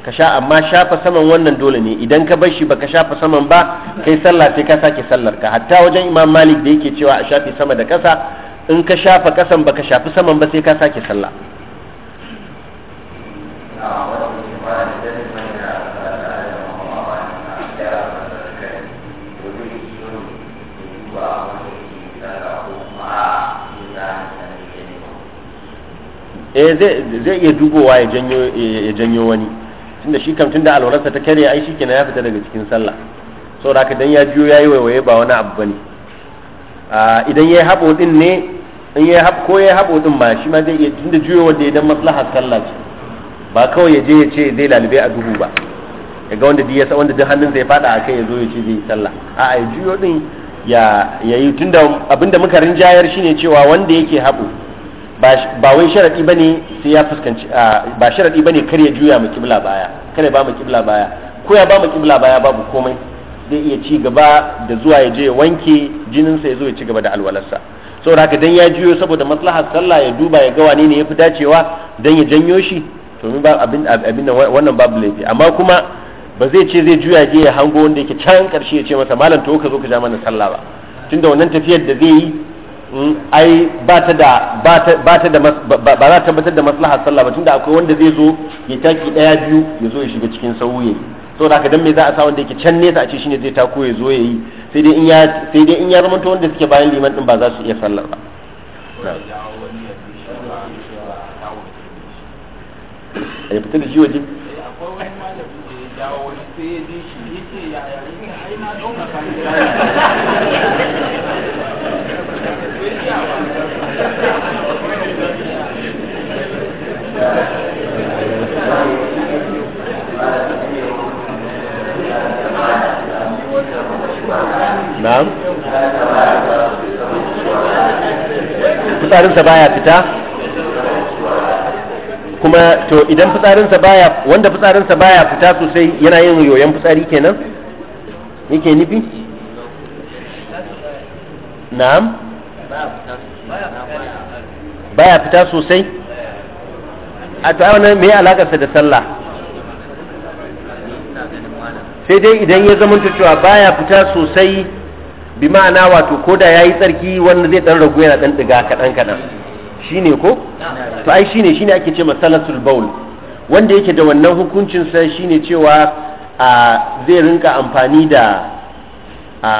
ka sha amma shafa saman wannan dole ne idan ka bar shi baka shafa saman ba kai sallah sai ka sake sallar ka hatta wajen imam malik da yake cewa a shafe sama da kasa in ka shafa kasan baka shafi saman ba sai ka sake sallah Eh, zai iya dubowa ya janyo ya janyo wani tunda shi kam tunda alwararsa ta kare ai shikenan ya fita daga cikin sallah saboda haka dan ya jiyo yayi waiwaye ba wani abu bane a ah, idan yayi habo din ne in yayi hab ko yayi habo din ma shi ma zai iya tunda jiyo wanda ya dan maslahar sallah ce ba kawai ya je ya ce zai lalube a duhu ba ya ga wanda duk wanda duk hannun ya fada a kai ya zo ya ce zai yi sallah a'a ya jiyo din ya yayi tunda abinda muka rinjayar shine cewa wanda yake habo ba wai sharadi bane sai ya fuskanci ba sharadi bane kar ya juya mu kibla baya kar ya ba mu kibla baya ko ya ba mu kibla baya babu komai zai iya ci gaba da zuwa ya je ya wanke jinin sa ya zo ya ci gaba da alwalarsa saboda haka dan ya juyo saboda maslahar sallah ya duba ya ga wane ne ya yafi dacewa dan ya janyo shi to ba abin abin wannan babu laifi amma kuma ba zai ce zai juya je ya hango wanda yake can karshe ya ce masa malam to ka zo ka ja mana sallah ba tunda wannan tafiyar da zai yi ai ba ta da ba ta da ba za ta tabbatar da maslahar sallah ba tunda akwai wanda zai zo ya taki daya biyu ya zo ya shiga cikin sauye saboda haka dan me za a sa wanda yake can nesa a ce shine zai tako ya zo ya yi sai dai in ya sai dai in ya zama to wanda suke bayan liman din ba za su iya sallar ba ya fita da shi waje na'am fitsarinsa baya fita kuma to idan fitsarinsa baya wanda fitsarinsa baya fita sosai yana yin yoyon fitsari kenan yake nufi na'am baya fita sosai a to wannan me alakarsa da sallah sai dai idan ya zama cewa baya fita sosai bi ma'ana wato ko da ya yi tsarki wanda zai dan ragu yana dan diga kaɗan shi ne ko to ai shi ne ake ce masalatul baul wanda yake da wannan hukuncinsa shi ne cewa a zai rinka amfani da a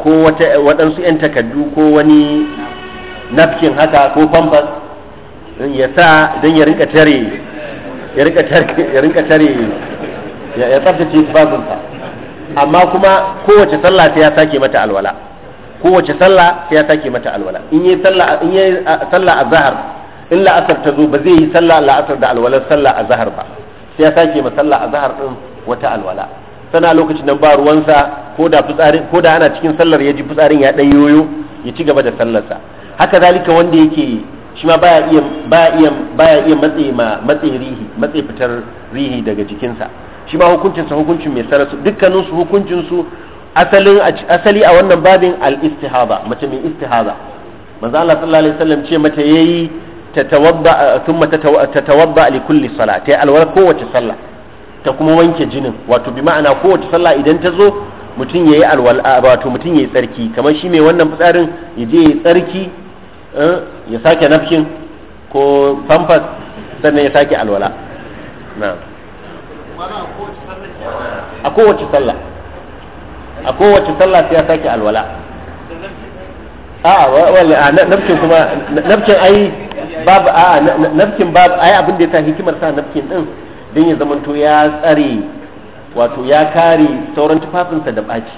ko wata waɗansu 'yan takardu ko wani nafkin haka ko pampas ya sa don ya rinka tare ya rinka tare ya rinka tare tsaftace amma kuma kowace sallah sai ya sake mata alwala kowace sallah sai ya sake mata alwala in yi sallah a zahar in la'asar ta zo ba zai yi sallah la'asar da alwalar sallah a zahar ba sai ya sake ma sallah a zahar din wata alwala sana lokacin nan ba ruwansa ko da ko da ana cikin sallar ya ji fitsarin ya ɗan yoyo ya ci gaba da sallarsa haka zalika wanda yake shi ma baya iya baya iya baya iya matse ma matse rihi matse fitar rihi daga jikinsa shi ma hukuncin sa hukuncin mai sarasu dukkanin su hukuncin su asalin asali a wannan babin al istihaba mace mai istihaba manzo Allah sallallahu alaihi wasallam ce mata yayi ta thumma tawabba li kulli salati alwala kowace sallah ta kuma wanke jinin wato bi ma'ana kowace sallah idan ta zo mutum yayi alwala wato mutum yayi tsarki kamar shi mai wannan fitsarin ya je yayi tsarki Eh, ya sake nafkin ko pampas sannan ya sake alwala na a kowace sallah a kowace sallah sai ya sake alwala a wale a nafkin kuma nafkin ai babu a nafkin babu ai abin da ya sa hikimar sa nafkin din don ya zamanto ya tsare wato ya kare sauran tufafinsa da ɓaci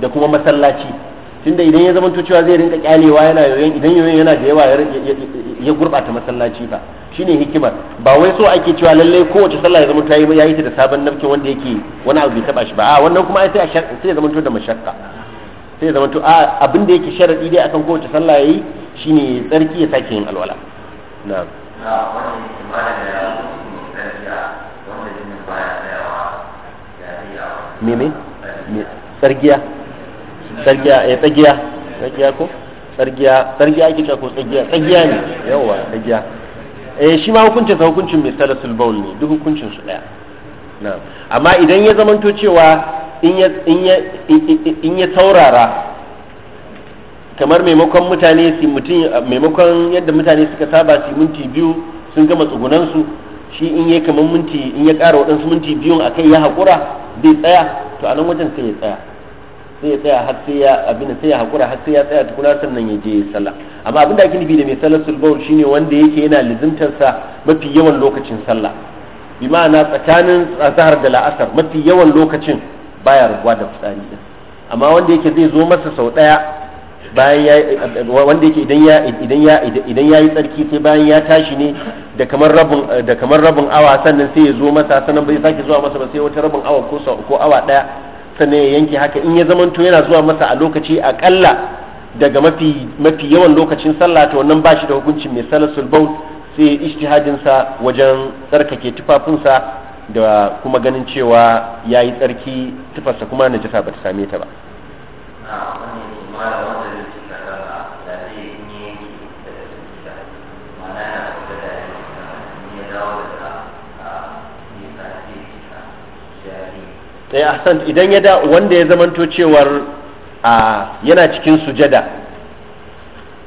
da kuma masallaci tunda idan ya zama cewa zai rinka kyalewa yana yoyon idan yoyon yana da yawa ya gurɓata masallaci ba shine hikimar ba wai so ake cewa lalle kowace sallah ya zama ta yi yayi ta da sabon nafkin wanda yake wani abu bai taba shi ba a wannan kuma sai sai ya to da mashakka sai ya zamanto a abin da yake sharadi dai akan kowace sallah yayi shine tsarki ya sake yin alwala na'am me tsargiya. tsargiya eh tsagiya tsagiya ko tsargiya tsargiya ake cewa ko tsagiya tsagiya ne yawa tsagiya eh shi ma hukuncin sa hukuncin mai salasul bawl ne duk hukuncin su daya na'am amma idan ya zamanto cewa in ya in ya in ya taurara kamar maimakon mutane su mutum maimakon yadda mutane suka saba su minti biyu sun gama tsugunan su shi in ya kamar minti in ya ƙara waɗansu minti biyun akai ya haƙura bai tsaya to a nan wajen sai ya tsaya sai ya tsaya har sai ya abin sai ya hakura har sai ya tsaya tukuna sannan ya je sallah amma abin da ake nufi da mai salatul bawl shine wanda yake yana lizimtar sa mafi yawan lokacin sallah bi ma'ana tsakanin azhar da la'asar mafi yawan lokacin baya rabuwa da fitsari din amma wanda yake zai zo masa sau daya bayan ya wanda yake idan ya idan ya idan yayi tsarki sai bayan ya tashi ne da kamar rabin da kamar rabin awa sannan sai ya zo masa sannan bai sake zuwa masa ba sai wata rabin awa ko ko awa daya sannan ya yanke haka in ya zamanto yana zuwa masa a lokaci akalla daga mafi mafi yawan lokacin sallah to wannan bashi da hukuncin mai salasul baul sai ijtihadin sa wajen tsarkake sa da kuma ganin cewa yayi tsarki tufarsa kuma najasa ba ta same ta ba ah, eh ahsan idan ya da wanda ya zamanto cewar a yana cikin sujada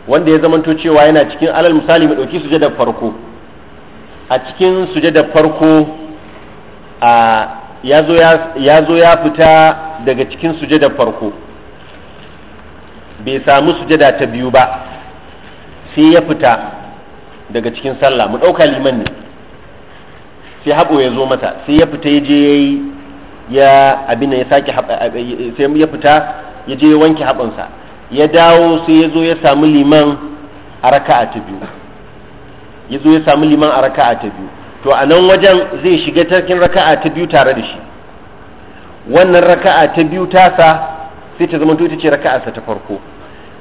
wanda ya zamanto cewa yana cikin alal misali mai ɗauki sujada farko a cikin sujada farko a ya zo ya fita daga cikin sujada farko bai samu sujada ta biyu ba sai ya fita daga cikin sallah mu ɗauka liman ne sai haɓo ya zo mata sai ya fita ya je ya yi ya abin ya sake eh, eh, sai ya fita ya je ya wanke haɓansa ya dawo sai ya zo ya samu liman a raka'a ta biyu ya zo ya samu liman a raka'a ta biyu to a nan wajen zai shiga tarkin raka'a ta biyu tare da shi wannan raka'a ta biyu tasa sai ta zama ita ce sa ta farko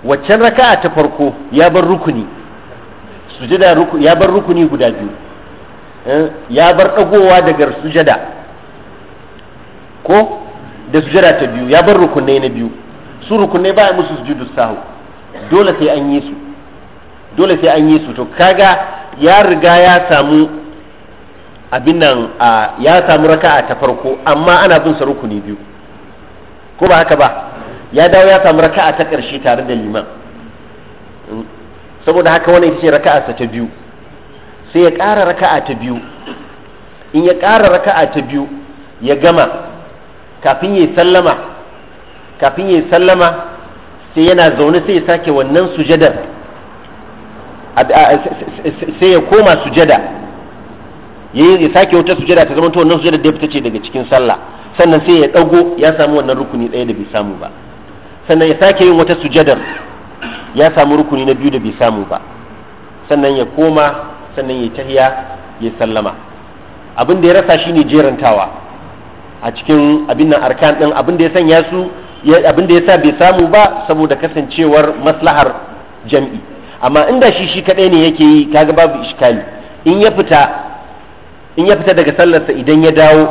waccan raka'a ta farko ya bar rukuni sujada ya bar rukuni guda biyu eh, ya bar dagowa daga sujada ko da sujada ta biyu ya bar rukunai na biyu su rukunai ba musu sujudu sahu dole sai an yi su dole sai an yi su to kaga ya riga ya samu abin nan ya samu raka'a ta farko amma ana bin sa rukuni biyu ko ba haka ba ya dawo ya samu raka'a ta ƙarshe tare da liman mm. saboda haka wannan ita ce raka'a ta biyu sai ya ƙara raka'a ta biyu in ya ƙara raka'a ta biyu ya gama kafin ya sallama kafin ya sallama sai yana zaune sai ya sake wannan sujadar sai ya koma sujada ya sake wata sujada ta zama wannan sujada da fita ce daga cikin sallah sannan sai ya dago ya samu wannan rukuni ɗaya da bai samu ba sannan ya sake yin wata sujadar ya samu rukuni na biyu da bai samu ba sannan ya koma sannan ya tahiya ya sallama abin da ya rasa shine jerantawa a cikin abin nan arkan din abin da ya sanya su abin da ya sa bai samu ba saboda kasancewar maslahar jam'i amma inda shi shi kadai ne yake yi kaga babu iskali in ya fita in ya fita daga sallarsa idan ya dawo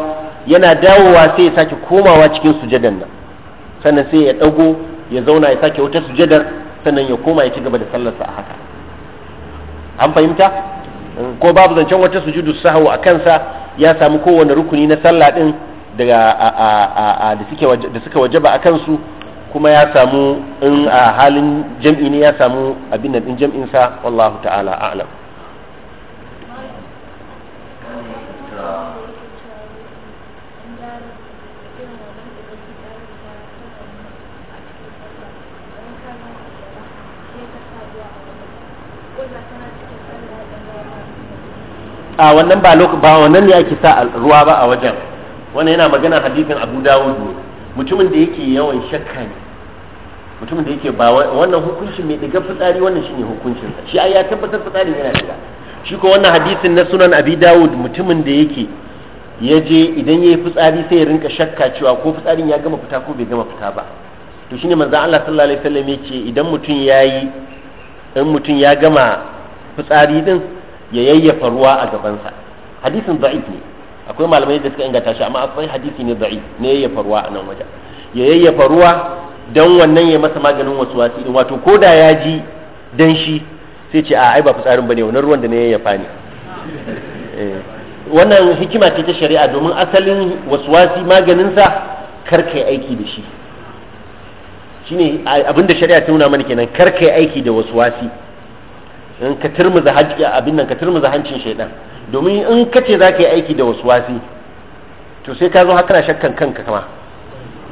yana dawowa sai ya sake komawa cikin sujadan nan sannan sai ya dago ya zauna ya sake wata sujadar sannan ya koma ya ci gaba da sallarsa a haka an fahimta ko babu zancen wata sujudu sahwu a kansa ya samu kowane rukuni na sallah din da suka wajaba a kansu kuma ya samu in a halin jam'i ne ya samu abin da din jam'in sa wallahu ta'ala a'lam a wannan ba ba wannan ne ake sa ruwa ba a wajen wannan yana magana hadisin abu dawud ne mutumin da yake yawan shakka ne mutumin da yake ba wannan hukuncin mai diga fitsari wannan shine hukuncin sa shi ai ya tabbatar fitsari yana diga shi ko wannan hadisin na sunan abi dawud mutumin da yake ya je idan yayi fitsari sai ya rinka shakka cewa ko fitsarin ya gama fita ko bai gama fita ba to shine manzon Allah sallallahu alaihi wasallam yake idan mutum yayi in mutum ya gama fitsari din ya yayyafa ruwa a gabansa hadisin da'if ne akwai malamai da suka inganta shi amma akwai hadisi ne da'i ne yayyafa ruwa a nan wajen ya yayyafa ruwa dan wannan ya masa maganin wasu wasu din wato ko da ya ji dan shi sai ce a ai ba fitsarin bane wannan ruwan da ne yayyafa ne eh, wannan hikima ce ta shari'a domin asalin waswasi maganin sa kar kai aiki da shi shine abinda shari'a ta nuna mana kenan kar kai aiki da waswasi in ka turmuza hajji abin nan ka turmuza hancin shaidan domin in ka ce za ka yi aiki da wasu wasi to sai ka zo haka na shakkan kanka kama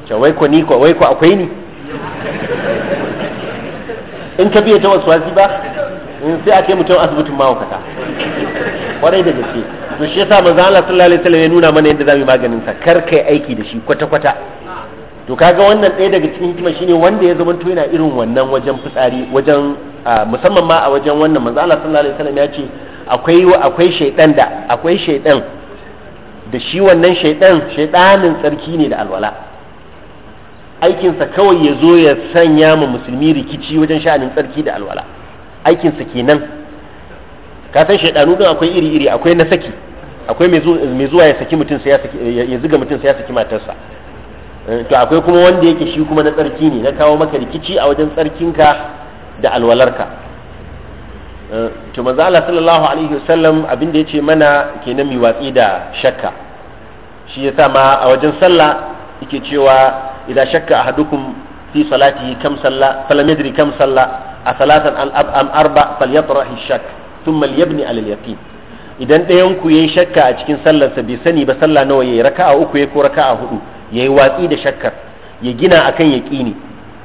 ce wai ko ni ko wai ko akwai ni in ka biya ta wasu wasi ba in sai a kai mutum asibitin mahaukata kwarai da gaske to shi yasa manzo Allah sallallahu alaihi wasallam ya nuna mana yadda za mu yi maganin sa kar kai aiki da shi kwata kwata to kaga wannan ɗaya daga cikin hikima shine wanda ya zama to yana irin wannan wajen fitsari wajen musamman ma a wajen wannan manzo Allah sallallahu alaihi wasallam ya ce akwai akwai shaydan da akwai shaydan da shi wannan shaydan shaydanin tsarki ne da alwala aikinsa kawai ya zo ya sanya ma musulmi rikici wajen sha'anin tsarki da alwala aikinsa kenan ka san shaidanu din akwai iri iri akwai na saki akwai mai zuwa ya saki mutum sai ya zuga mutum sai ya saki matarsa eh, to akwai kuma wanda yake shi kuma na tsarki ne na kawo maka rikici a wajen tsarkinka da alwalarka eh, to manzo Allah sallallahu alaihi wasallam abin da ce mana kenan mi watsi da shakka shi yasa ma a wajen sallah yake cewa idan shakka hadukun fi salatihi kam sallah kam a salatan al arba falyatrahi shakk tun liyabni al idan ɗayan ku yayi shakka a cikin sallarsa bai sani ba sallah nawa yayi raka'a uku yayi ko raka'a hudu yayi watsi da shakkar ya gina akan yaqini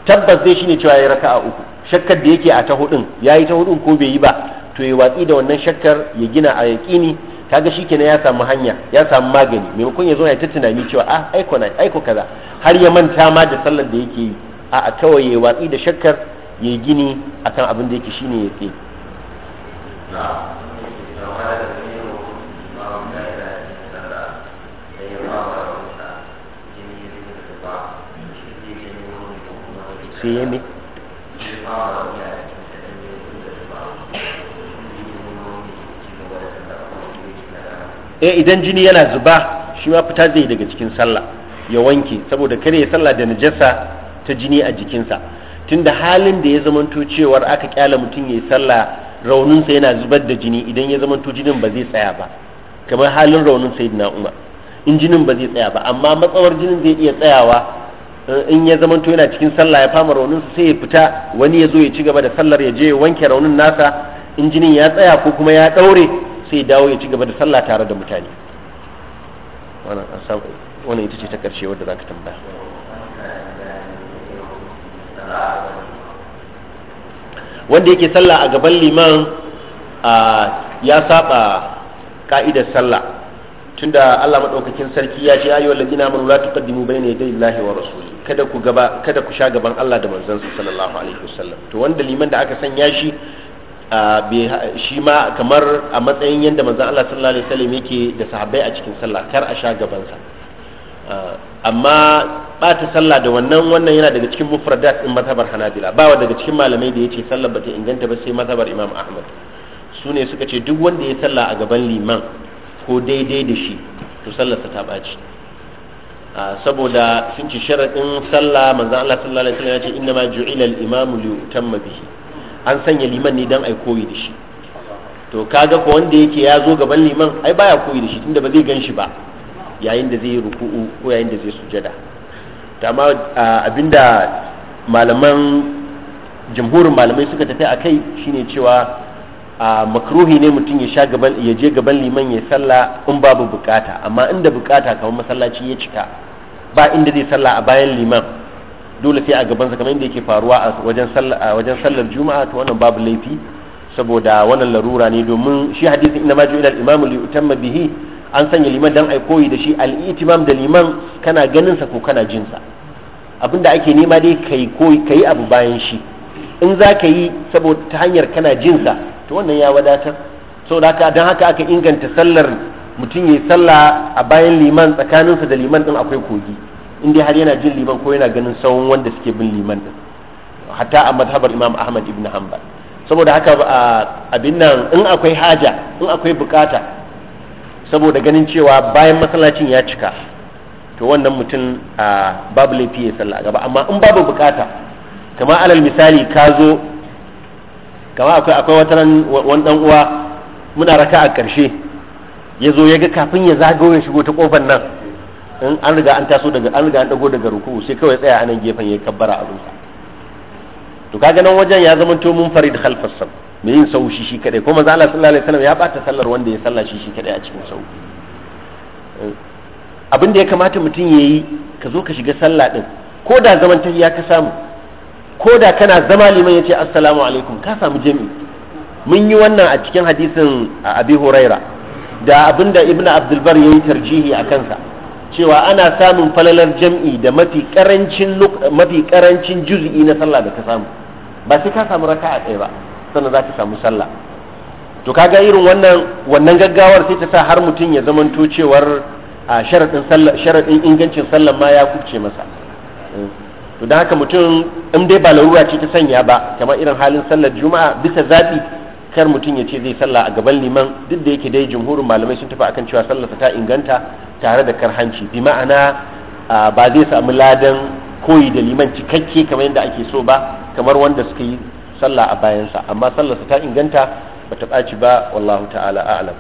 tabbas zai shine cewa yayi raka'a uku shakkar da yake a ta hudun yi ta hudun ko bai yi ba to ya watsi da wannan shakkar ya gina a ga kaga kenan ya samu hanya ya samu magani maimakon ya zo ya ta tunani cewa ah aiko na aiko kaza har ya manta ma da sallar da yake yi a a kawai ya watsi da shakkar ya gini akan abin da yake shine ya tsaye sai ya eh idan jini yana zuba shi ma fita zai daga cikin sallah ya wanke saboda kare ya sallah da najasa ta jini a jikinsa tunda halin da ya zamanto cewar aka kyala mutum ya yi sallah rauninsa yana zubar da jini idan ya zamanto jinin ba zai tsaya ba kamar halin raunin sayyidina umar in jinin ba zai tsaya ba amma matsawar jinin zai iya tsayawa in ya zama to yana cikin sallah ya fama raunin sai ya fita wani ya zo ya ci gaba da sallar ya je ya wanke raunin nasa in jinin ya tsaya ko kuma ya daure sai ya dawo ya ci gaba da sallah tare da mutane wannan ita ce ta karshe wadda za ka tambaya wanda yake sallah a gaban liman ya saba ka'idar sallah tunda Allah madaukakin sarki ya ce ayyuhal ladina amanu la tuqaddimu bayna yaday Allahi wa rasuli kada ku gaba kada ku sha gaban Allah da manzon sa sallallahu alaihi wasallam to wanda liman da aka sanya shi shi ma kamar a matsayin yadda manzon Allah sallallahu alaihi wasallam yake da sahabbai a cikin sallah kar a sha gaban sa amma bata sallah da wannan wannan yana daga cikin mufradat din mazhabar Hanabila bawa daga cikin malamai da yace sallar bata inganta ba sai mazhabar Imam Ahmad su ne suka ce duk wanda ya sallah a gaban liman ko daidai da shi to sallarsa ta ɓaci saboda sun ci sharaɗin sallah manzan Allah sallallahu alaihi wasallam ya ce inna ma ju'ila al-imamu li yutamma bihi an sanya liman ne dan ai koyi da shi to kaga ko wanda yake ya zo gaban liman ai baya koyi da shi tunda ba zai gan shi ba yayin da zai ruku'u ko yayin da zai sujada amma abinda malaman jamhurin malamai suka tafi a kai shine cewa a makruhi ne mutum ya sha gaban ya je gaban liman ya salla in babu bukata amma inda bukata kamar masallaci ya cika ba inda zai salla a bayan liman dole sai a gaban sa kamar inda yake faruwa a wajen sallar wajen sallar juma'a to wannan babu laifi saboda wannan larura ne domin shi hadisin inna maju ila al-imamu li utamma bihi an sanya liman dan ai koyi da shi al-itimam da liman kana ganin sa ko kana jin sa abinda ake nema dai kai koyi kai abu bayan shi in za ka yi saboda ta hanyar kana jinsa to wannan ya wadatar saboda don haka aka inganta sallar mutum ya sallah a bayan liman tsakaninsa da liman din akwai kogi in dai har yana jin liman ko yana ganin sauran wanda suke bin liman din hatta a madhabar imam ahmad ibn hanbal saboda haka abin nan in akwai haja in akwai bukata saboda ganin cewa bayan masallacin ya cika to wannan mutum babu laifi ya salla gaba amma in babu bukata kama alal misali ka zo kama akwai akwai wata ran wani dan uwa muna raka a karshe ya zo ya ga kafin ya zago ya shigo ta kofar nan in an riga an taso daga an riga an dago daga ruku'u sai kawai tsaya a nan gefen ya kabbara a sa to kaga nan wajen ya zama to mun farid khalfas sam me yin sau shi shi kadai ko manzo Allah sallallahu alaihi wasallam ya bata sallar wanda ya salla shi shi kadai a cikin sau abin da ya kamata mutum yayi ka zo ka shiga sallah din ko da zaman tafiya ka samu ko da kana zama liman ya ce assalamu alaikum ka samu jami mun yi wannan a cikin hadisin abi huraira da abinda ibn abdulbar ya yi tarjihi a kansa cewa ana samun falalar jam'i da mafi karancin juz'i na sallah da ka samu ba sai ka samu raka a ba sannan za ka samu sallah to ka ga irin wannan gaggawar sai ta sa har mutum ya zamanto cewar sharaɗin ingancin sallar ma ya kubce masa to da haka mutum in dai ba larura ce ta sanya ba kamar irin halin sallar juma'a bisa zaɓi kar mutum ya ce zai sallah a gaban liman duk da yake dai jumhurin malamai sun tafi akan cewa sallarsa ta inganta tare da karhanci bi ma'ana ba zai samu ladan koyi da liman cikakke kamar yadda ake so ba kamar wanda suka yi sallah a bayansa amma sallarsa ta inganta bata ɓaci ba wallahu ta'ala a'lam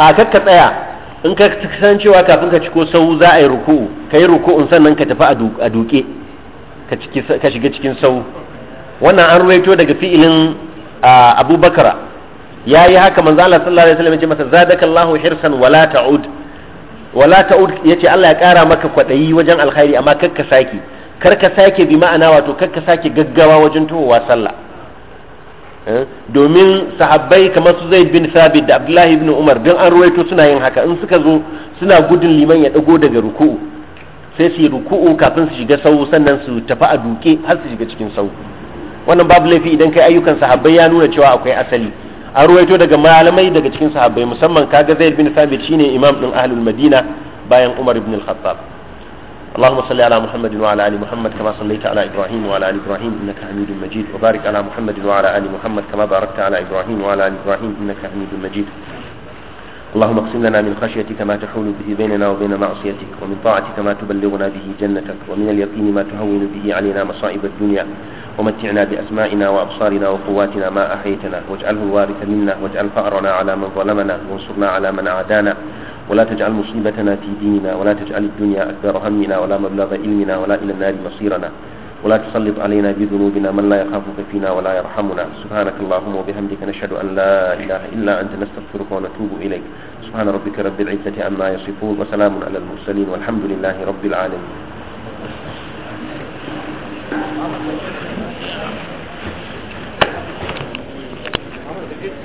a kakka tsaya in ka san cewa kafin ka ciko sau za a yi ruku'u ka yi ruku'un sannan ka tafi a duke ka shiga cikin sau wannan an ruwaito daga fi'ilin abubakar ya yi haka manzo Allah sallallahu alaihi wasallam ya ce masa zadaka Allahu hirsan wala ta'ud wala ta'ud yace Allah ya kara maka kwaɗayi wajen alkhairi amma kakka saki kar ka sake bi ma'ana wato kar ka sake gaggawa wajen tohowa sallah Eh? domin sahabbai kamar su zaid bin sabi da abdullahi ibn umar don an ruwaito suna yin haka in suka zo suna gudun liman ya dago daga ruku'u sai su yi ruku'u kafin su shiga sau sannan su tafi a duke har su shiga cikin sau wannan babu laifi idan kai ayyukan sahabbai ya nuna cewa akwai asali an ruwaito daga malamai daga cikin sahabbai musamman kaga zaid bin shi shine imam din ahlul madina bayan umar ibn al-khattab اللهم صل على محمد وعلى ال محمد كما صليت على ابراهيم وعلى ال ابراهيم انك حميد مجيد وبارك على محمد وعلى ال محمد كما باركت على ابراهيم وعلى ال ابراهيم انك حميد مجيد اللهم اقسم لنا من خشيتك ما تحول به بيننا وبين معصيتك ومن طاعتك ما تبلغنا به جنتك ومن اليقين ما تهون به علينا مصائب الدنيا ومتعنا بأسمائنا وأبصارنا وقواتنا ما أحيتنا واجعله الوارث منا واجعل فأرنا على من ظلمنا وانصرنا على من عادانا ولا تجعل مصيبتنا في ديننا ولا تجعل الدنيا أكبر همنا ولا مبلغ علمنا ولا إلى النار مصيرنا ولا تسلط علينا بذنوبنا من لا يخافك فينا ولا يرحمنا سبحانك اللهم وبحمدك نشهد أن لا إله إلا أنت نستغفرك ونتوب إليك سبحان ربك رب العزة عما يصفون وسلام على المرسلين والحمد لله رب العالمين